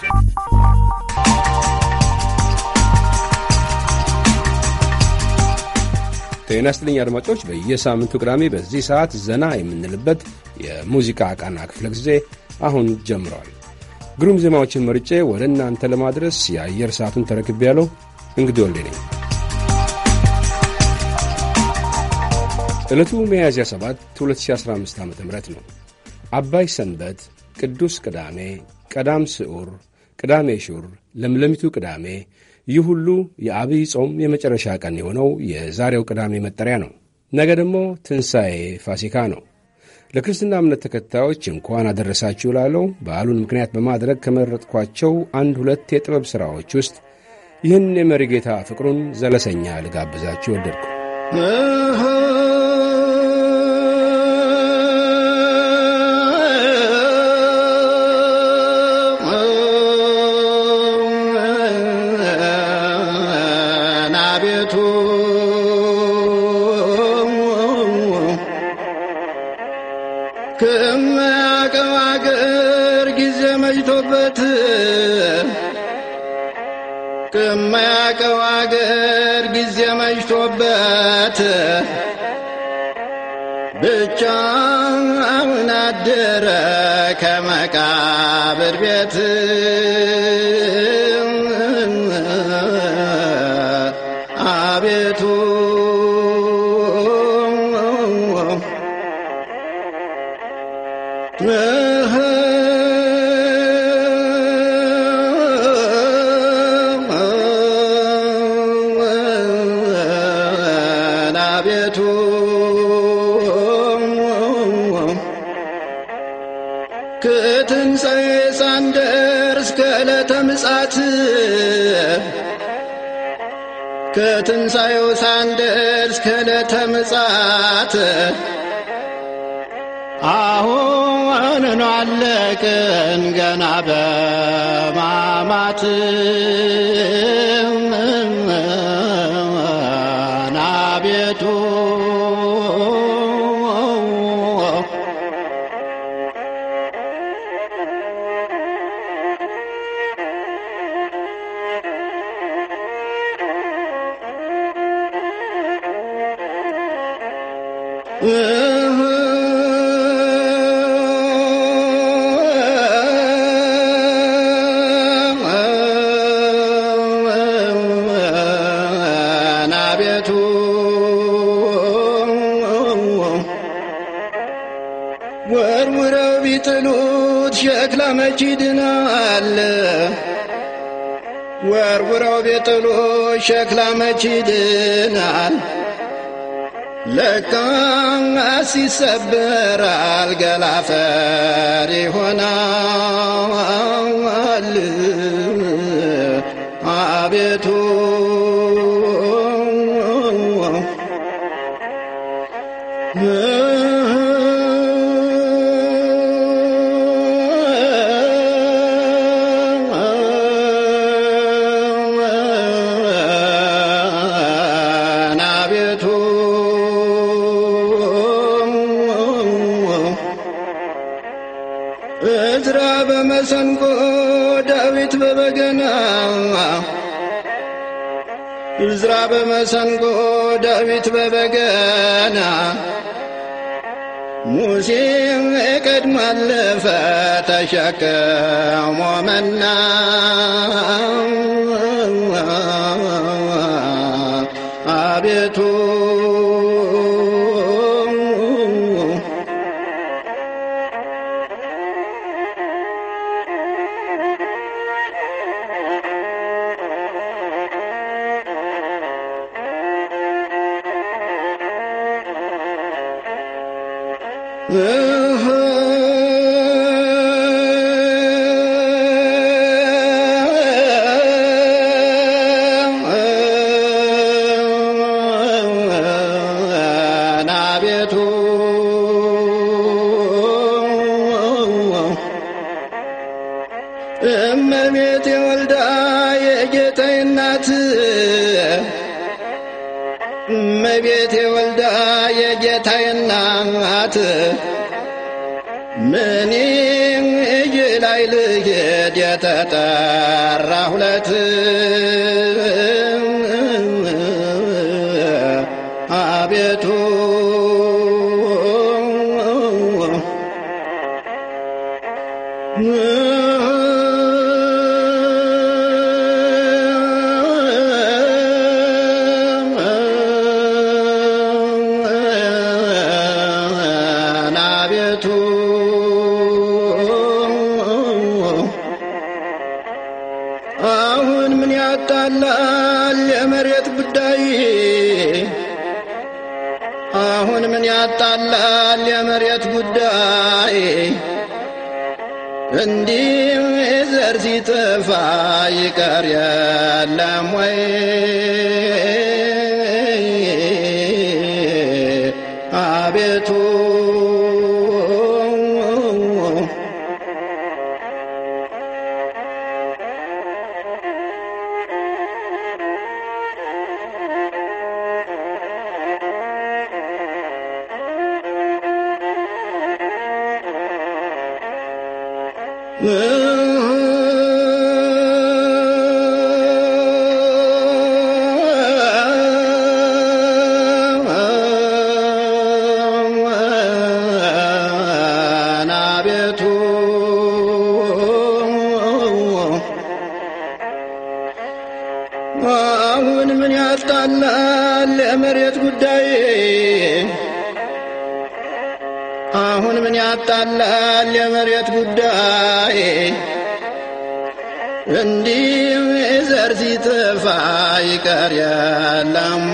ጤና ይስጥልኝ አድማጮች፣ በየሳምንቱ ቅዳሜ በዚህ ሰዓት ዘና የምንልበት የሙዚቃ ቃና ክፍለ ጊዜ አሁን ጀምሯል። ግሩም ዜማዎችን መርጬ ወደ እናንተ ለማድረስ የአየር ሰዓቱን ተረክቤ ያለው እንግዲህ ወልዴ ነኝ። ዕለቱ ሚያዝያ 7 2015 ዓ ም ነው። አባይ ሰንበት ቅዱስ ቅዳሜ፣ ቀዳም ስዑር፣ ቅዳሜ ሹር፣ ለምለሚቱ ቅዳሜ ይህ ሁሉ የአብይ ጾም የመጨረሻ ቀን የሆነው የዛሬው ቅዳሜ መጠሪያ ነው። ነገ ደግሞ ትንሣኤ ፋሲካ ነው። ለክርስትና እምነት ተከታዮች እንኳን አደረሳችሁ ላለው በዓሉን ምክንያት በማድረግ ከመረጥኳቸው አንድ ሁለት የጥበብ ሥራዎች ውስጥ ይህን የመሪጌታ ፍቅሩን ዘለሰኛ ልጋብዛችሁ ወደድኩ። it ጥሎ ሸክላ መች ይድናል? ለካስ ይሰበራል፣ ገላፈር ይሆናል አቤቱ በመሰንጎ ዳዊት በበገና ሙሴም እቅድም አለፈ ተሸከሞ አቤቱ እመቤቴ ወልዳ የጌታዬ እናት ምንም እጅ ላይ ልሄድ የተጠራሁለት ይቀር የለም ወይ ሞቱ አሁን ምን ያጣላል የመሬት ጉዳይ አሁን ምን ያጣላል የመሬት ጉዳይ እንዲህ ዘር ሲጠፋ ይቀር ያላም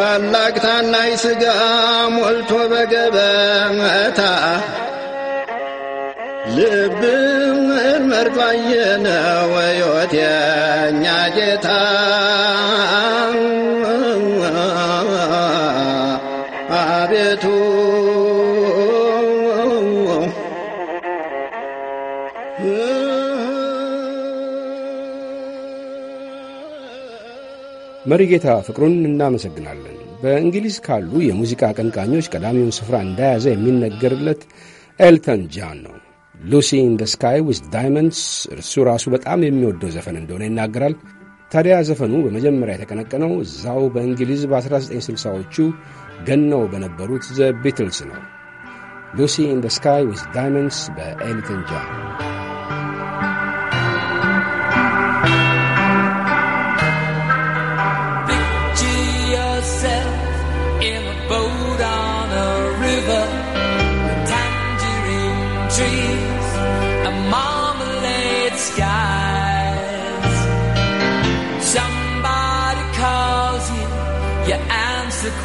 ታላቅ ታናይ ሥጋ ሞልቶ በገበታ ልብ መርቶ አየነ ወዮቴ እኛ ጌታ መሪጌታ ፍቅሩን እናመሰግናለን። በእንግሊዝ ካሉ የሙዚቃ አቀንቃኞች ቀዳሚውን ስፍራ እንደያዘ የሚነገርለት ኤልተን ጃን ነው። ሉሲ ኢን ደ ስካይ ዊዝ ዳይመንድስ እርሱ ራሱ በጣም የሚወደው ዘፈን እንደሆነ ይናገራል። ታዲያ ዘፈኑ በመጀመሪያ የተቀነቀነው እዛው በእንግሊዝ በ1960ዎቹ ገነው በነበሩት ዘ ቢትልስ ነው። ሉሲ ኢን ደ ስካይ ዊዝ ዳይመንድስ በኤልተን ጃን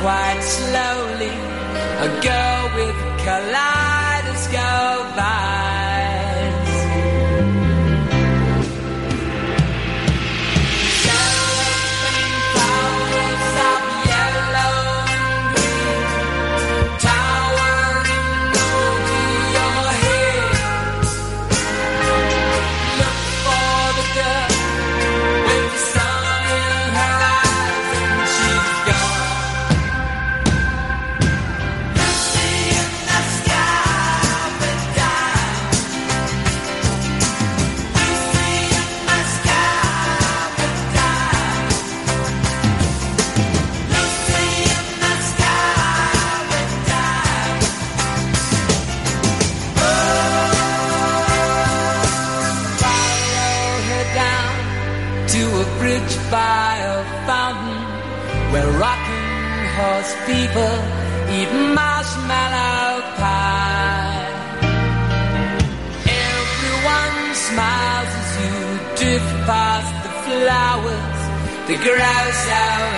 quite grouse out.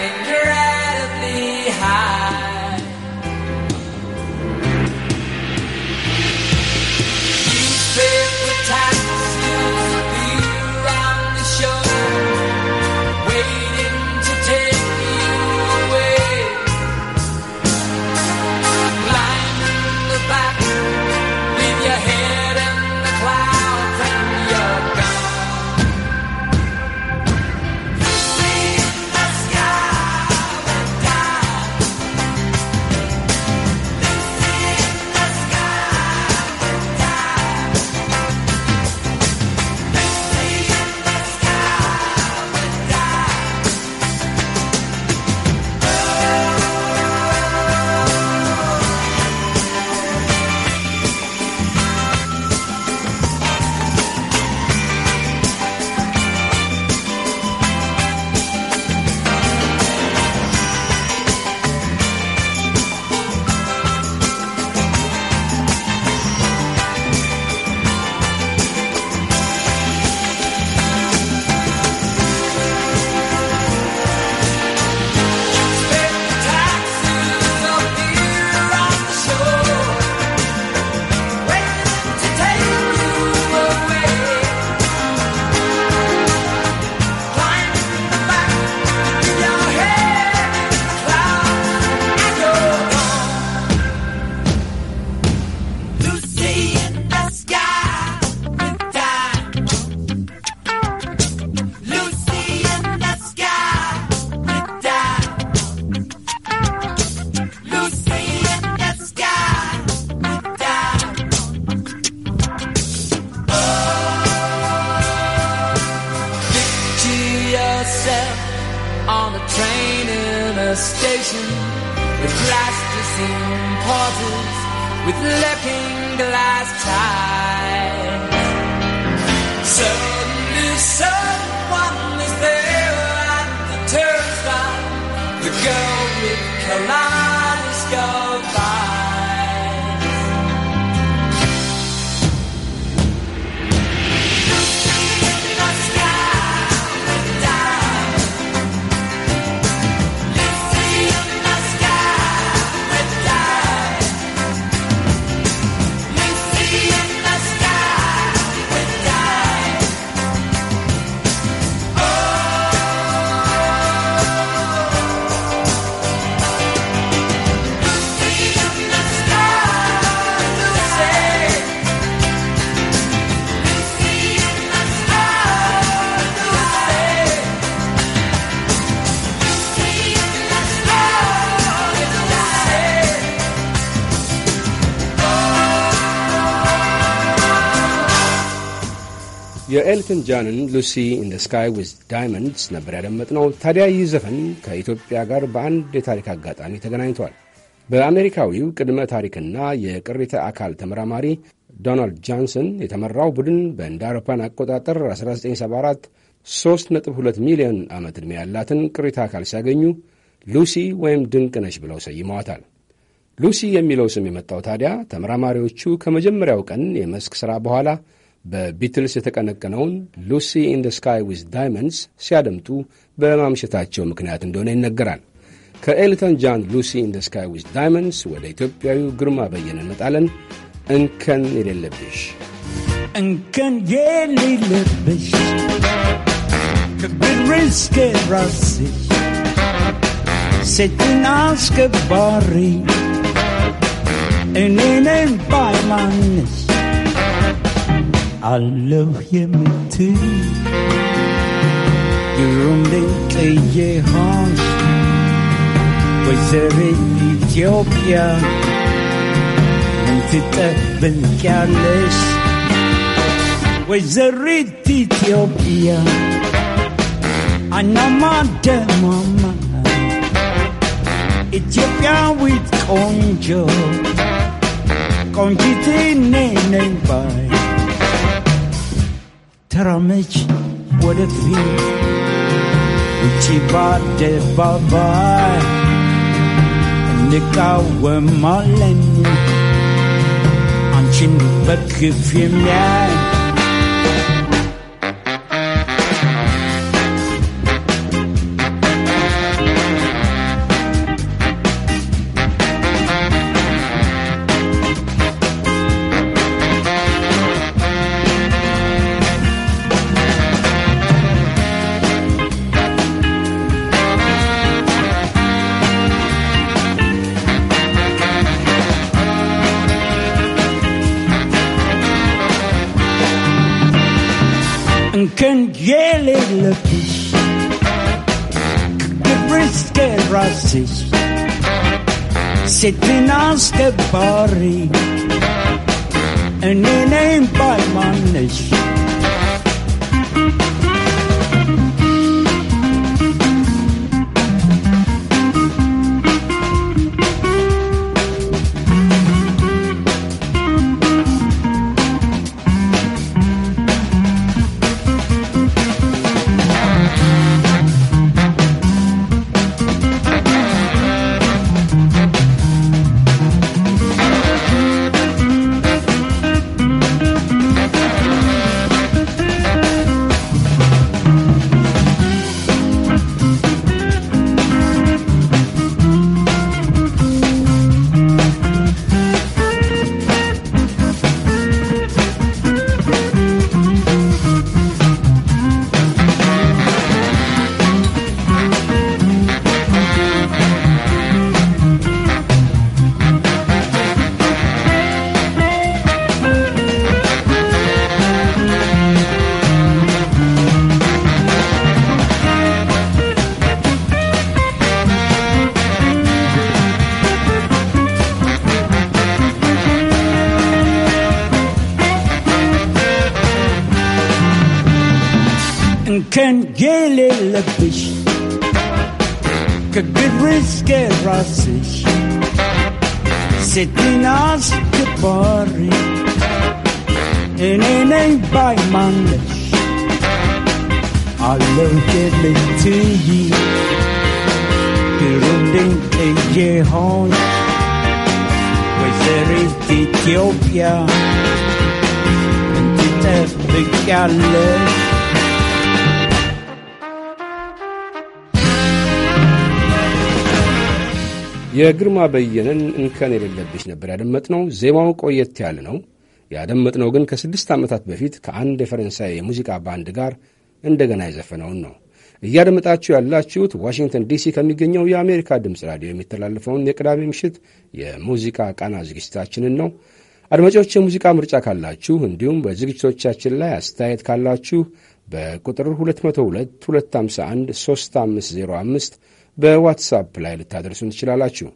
ኤልትን ጃንን ሉሲ ኢን ደ ስካይ ዊዝ ዳይመንድስ ነበር ያደመጥነው። ታዲያ ይህ ዘፈን ከኢትዮጵያ ጋር በአንድ የታሪክ አጋጣሚ ተገናኝቷል። በአሜሪካዊው ቅድመ ታሪክና የቅሪተ አካል ተመራማሪ ዶናልድ ጃንሰን የተመራው ቡድን በእንደ አውሮፓን አቆጣጠር 1974 3.2 ሚሊዮን ዓመት ዕድሜ ያላትን ቅሪተ አካል ሲያገኙ ሉሲ ወይም ድንቅ ነሽ ብለው ሰይመዋታል። ሉሲ የሚለው ስም የመጣው ታዲያ ተመራማሪዎቹ ከመጀመሪያው ቀን የመስክ ሥራ በኋላ በቢትልስ የተቀነቀነውን ሉሲ ኢን ደ ስካይ ዊዝ ዳይመንድስ ሲያደምጡ በማምሸታቸው ምክንያት እንደሆነ ይነገራል። ከኤልተን ጃን ሉሲ ኢን ደ ስካይ ዊዝ ዳይመንድስ ወደ ኢትዮጵያዊው ግርማ በየነ እንመጣለን። እንከን የሌለብሽ እንከን የሌለብሽ ከብር እስከ ራስሽ ሴትን አስከባሪ እኔንን ባይማንሽ I love you, him too. Yorundete ye hans, wazere Ethiopia. Ntita ben kales, wazere Ethiopia. Anama de mama, Ethiopia with conjo, conjite ne ne bye. ተራመች ወደፊት ውጪ በአደባባይ እንቃወማለን አንቺን በክፍ የሚያይ sit me naast de barrie en in een paar mannen. የግርማ በየነን እንከን የሌለብሽ ነበር ያደመጥነው። ዜማው ቆየት ያለ ነው። ያደመጥነው ግን ከስድስት ዓመታት በፊት ከአንድ የፈረንሳይ የሙዚቃ ባንድ ጋር እንደገና የዘፈነውን ነው። እያደመጣችሁ ያላችሁት ዋሽንግተን ዲሲ ከሚገኘው የአሜሪካ ድምፅ ራዲዮ የሚተላለፈውን የቅዳሜ ምሽት የሙዚቃ ቃና ዝግጅታችንን ነው። አድማጮች የሙዚቃ ምርጫ ካላችሁ እንዲሁም በዝግጅቶቻችን ላይ አስተያየት ካላችሁ በቁጥር 202 251 3505 በዋትሳፕ ላይ ልታደርሱን ትችላላችሁ።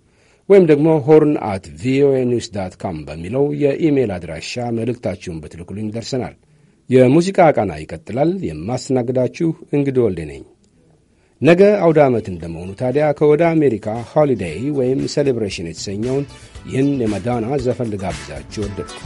ወይም ደግሞ ሆርን አት ቪኦኤ ኒውስ ዳት ካም በሚለው የኢሜይል አድራሻ መልእክታችሁን ብትልኩልኝ ይደርሰናል። የሙዚቃ ቃና ይቀጥላል። የማስተናግዳችሁ እንግዲ ወልዴ ነኝ። ነገ አውደ ዓመት እንደመሆኑ ታዲያ ከወደ አሜሪካ ሆሊዴይ ወይም ሴሌብሬሽን የተሰኘውን ይህን የመዳና ዘፈን ልጋብዛችሁ ወደድኩ።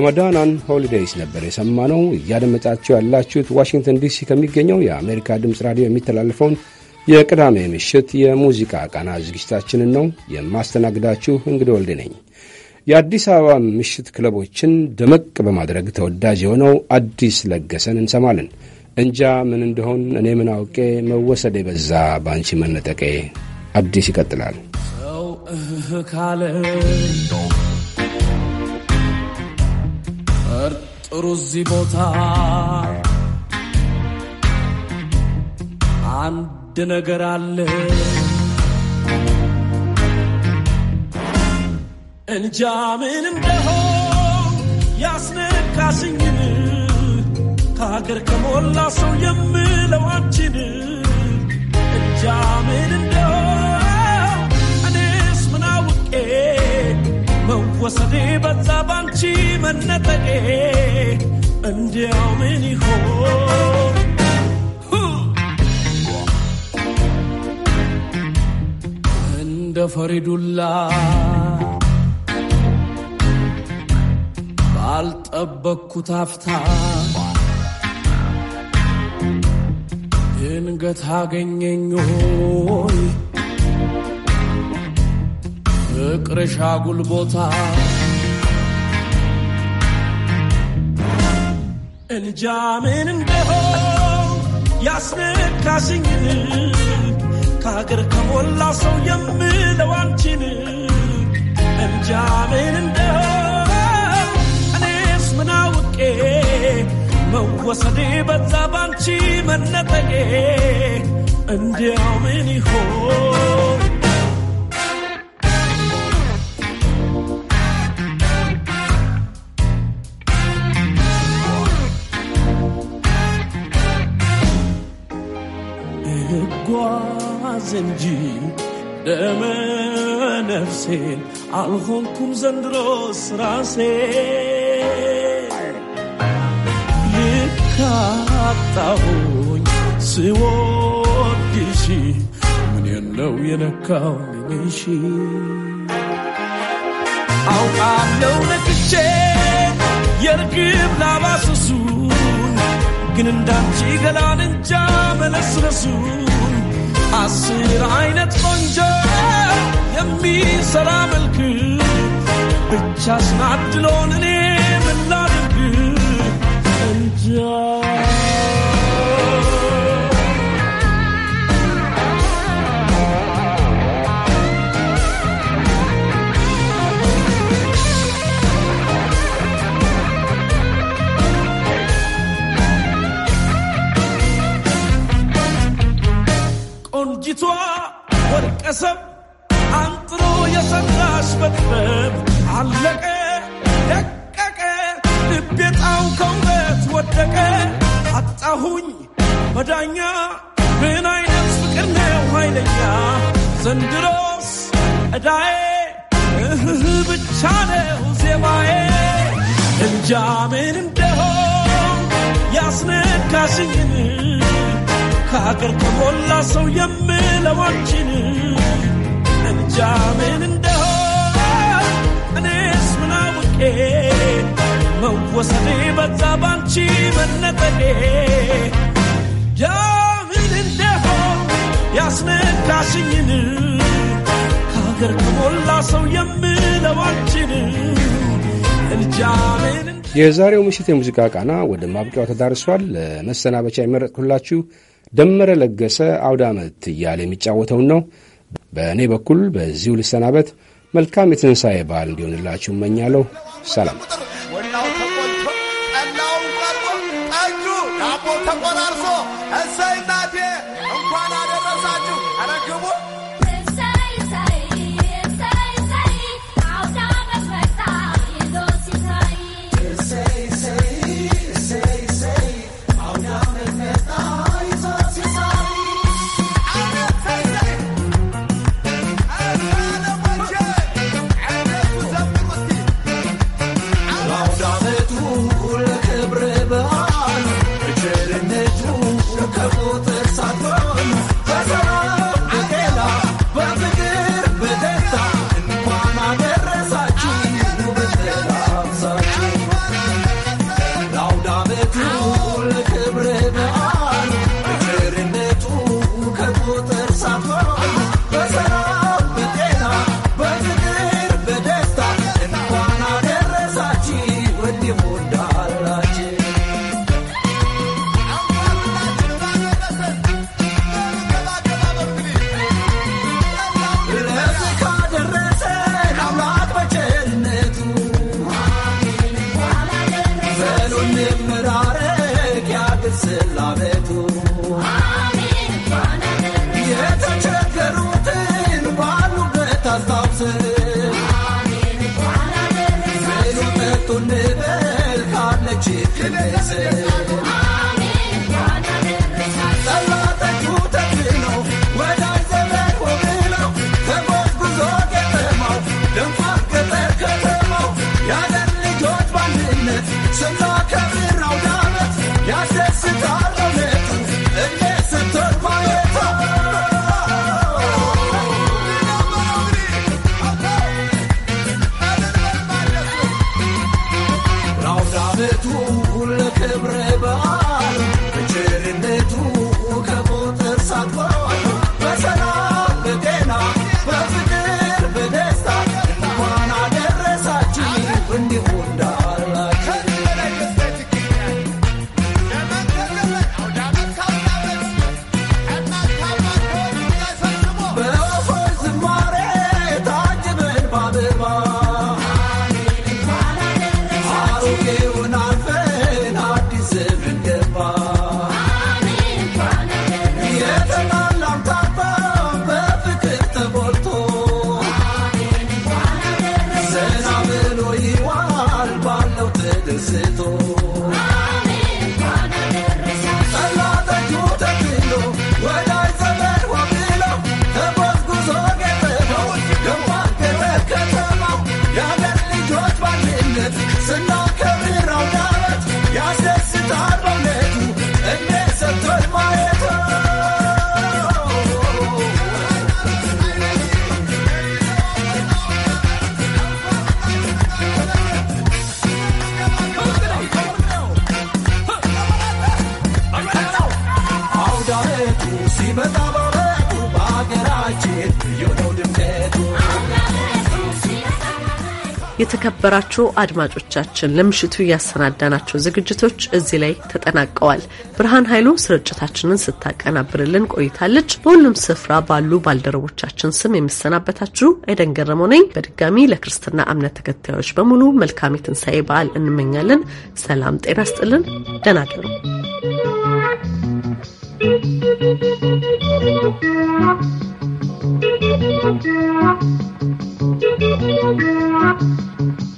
የማዳናን ሆሊዴይስ ነበር የሰማ ነው። እያደመጣችሁ ያላችሁት ዋሽንግተን ዲሲ ከሚገኘው የአሜሪካ ድምፅ ራዲዮ የሚተላለፈውን የቅዳሜ ምሽት የሙዚቃ ቃና ዝግጅታችንን ነው የማስተናግዳችሁ። እንግዲህ ወልድ ነኝ። የአዲስ አበባ ምሽት ክለቦችን ደመቅ በማድረግ ተወዳጅ የሆነው አዲስ ለገሰን እንሰማለን። እንጃ ምን እንደሆን እኔ ምን አውቄ መወሰድ የበዛ በአንቺ መነጠቄ አዲስ ይቀጥላል። ሰው እህ ካለ ጥሩ እዚህ ቦታ አንድ ነገር አለ እንጃ ምን እንደሆን ያስነካሽኝን ከሀገር ከሞላ ሰው የምለው አንቺን እንጃ ምን እንደሆን እኔስ ምናውቄ ወሰዴ በዛ ባንቺ መነጠቄ እንዲያው ምን ይሆን እንደ ፈሪዱላ ባልጠበቅኩት አፍታ ድንገት አገኘኝ ሆይ ፍቅርሽ አጉል ቦታ እንጃ ምን እንደሆን ያስነካሽኝ ከሀገር ከሞላ ሰው የምለው አንቺን እንጃ ምን እንደሆን እኔስ ምን አውቄ መወሰዴ በዛ ባንቺ መነጠቄ እንዲያው ምን ይሆን እንጂ ደመ ነፍሴን አልሆንኩም ዘንድሮ ስራሴ ልካጣሁኝ ስወድሽ ምን የለው የነካው ምንሽ አውቃለው ነክቼ የርግብ ላባስሱን ግን እንዳንቺ ገላን እንጃ መለስለሱን عصير አይነት ቆንጆ የሚሰራ መልክ ብቻ ስናድሎን እኔ ምን ላድርግ እንጃ በእጅቷ ወርቀሰብ አንጥሮ የሰራሽ በጥበብ አለቀ ደቀቀ ልቤጣው ከውበት ወደቀ አጣሁኝ መዳኛ ምን አይነት ፍቅር ነው ኃይለኛ ዘንድሮስ ዕዳዬ እህህ ብቻ ነው ዜማዬ እንጃ ምን እንደሆን ያስነካሽኝ ከሀገር ከሞላ ሰው የምለዋችን አንቺን እንጃ ምን እንደሆነ እኔስ ምናውቄ መወሰኔ በዛ ባንቺ መነጠቄ ያምን እንደሆነ ያስነካሽኝን ከሀገር ከሞላ ሰው የምለዋችን እንጃ ምን የዛሬው ምሽት የሙዚቃ ቃና ወደ ማብቂያው ተዳርሷል። ለመሰናበቻ የመረጥኩላችሁ ደመረ ለገሰ አውደ ዓመት እያለ የሚጫወተውን ነው። በእኔ በኩል በዚሁ ልሰናበት። መልካም የትንሣኤ በዓል እንዲሆንላችሁ እመኛለሁ። ሰላም። ተቆራርሶ እሰይ እናቴ እንኳን አደረሳችሁ። አረግቡ የተከበራችሁ አድማጮቻችን ለምሽቱ እያሰናዳናቸው ዝግጅቶች እዚህ ላይ ተጠናቀዋል። ብርሃን ኃይሉ ስርጭታችንን ስታቀናብርልን ቆይታለች። በሁሉም ስፍራ ባሉ ባልደረቦቻችን ስም የምሰናበታችሁ አይደን ገረመ ነኝ። በድጋሚ ለክርስትና እምነት ተከታዮች በሙሉ መልካም የትንሣኤ በዓል እንመኛለን። ሰላም ጤና ስጥልን። ደህና እደሩ። Thank you.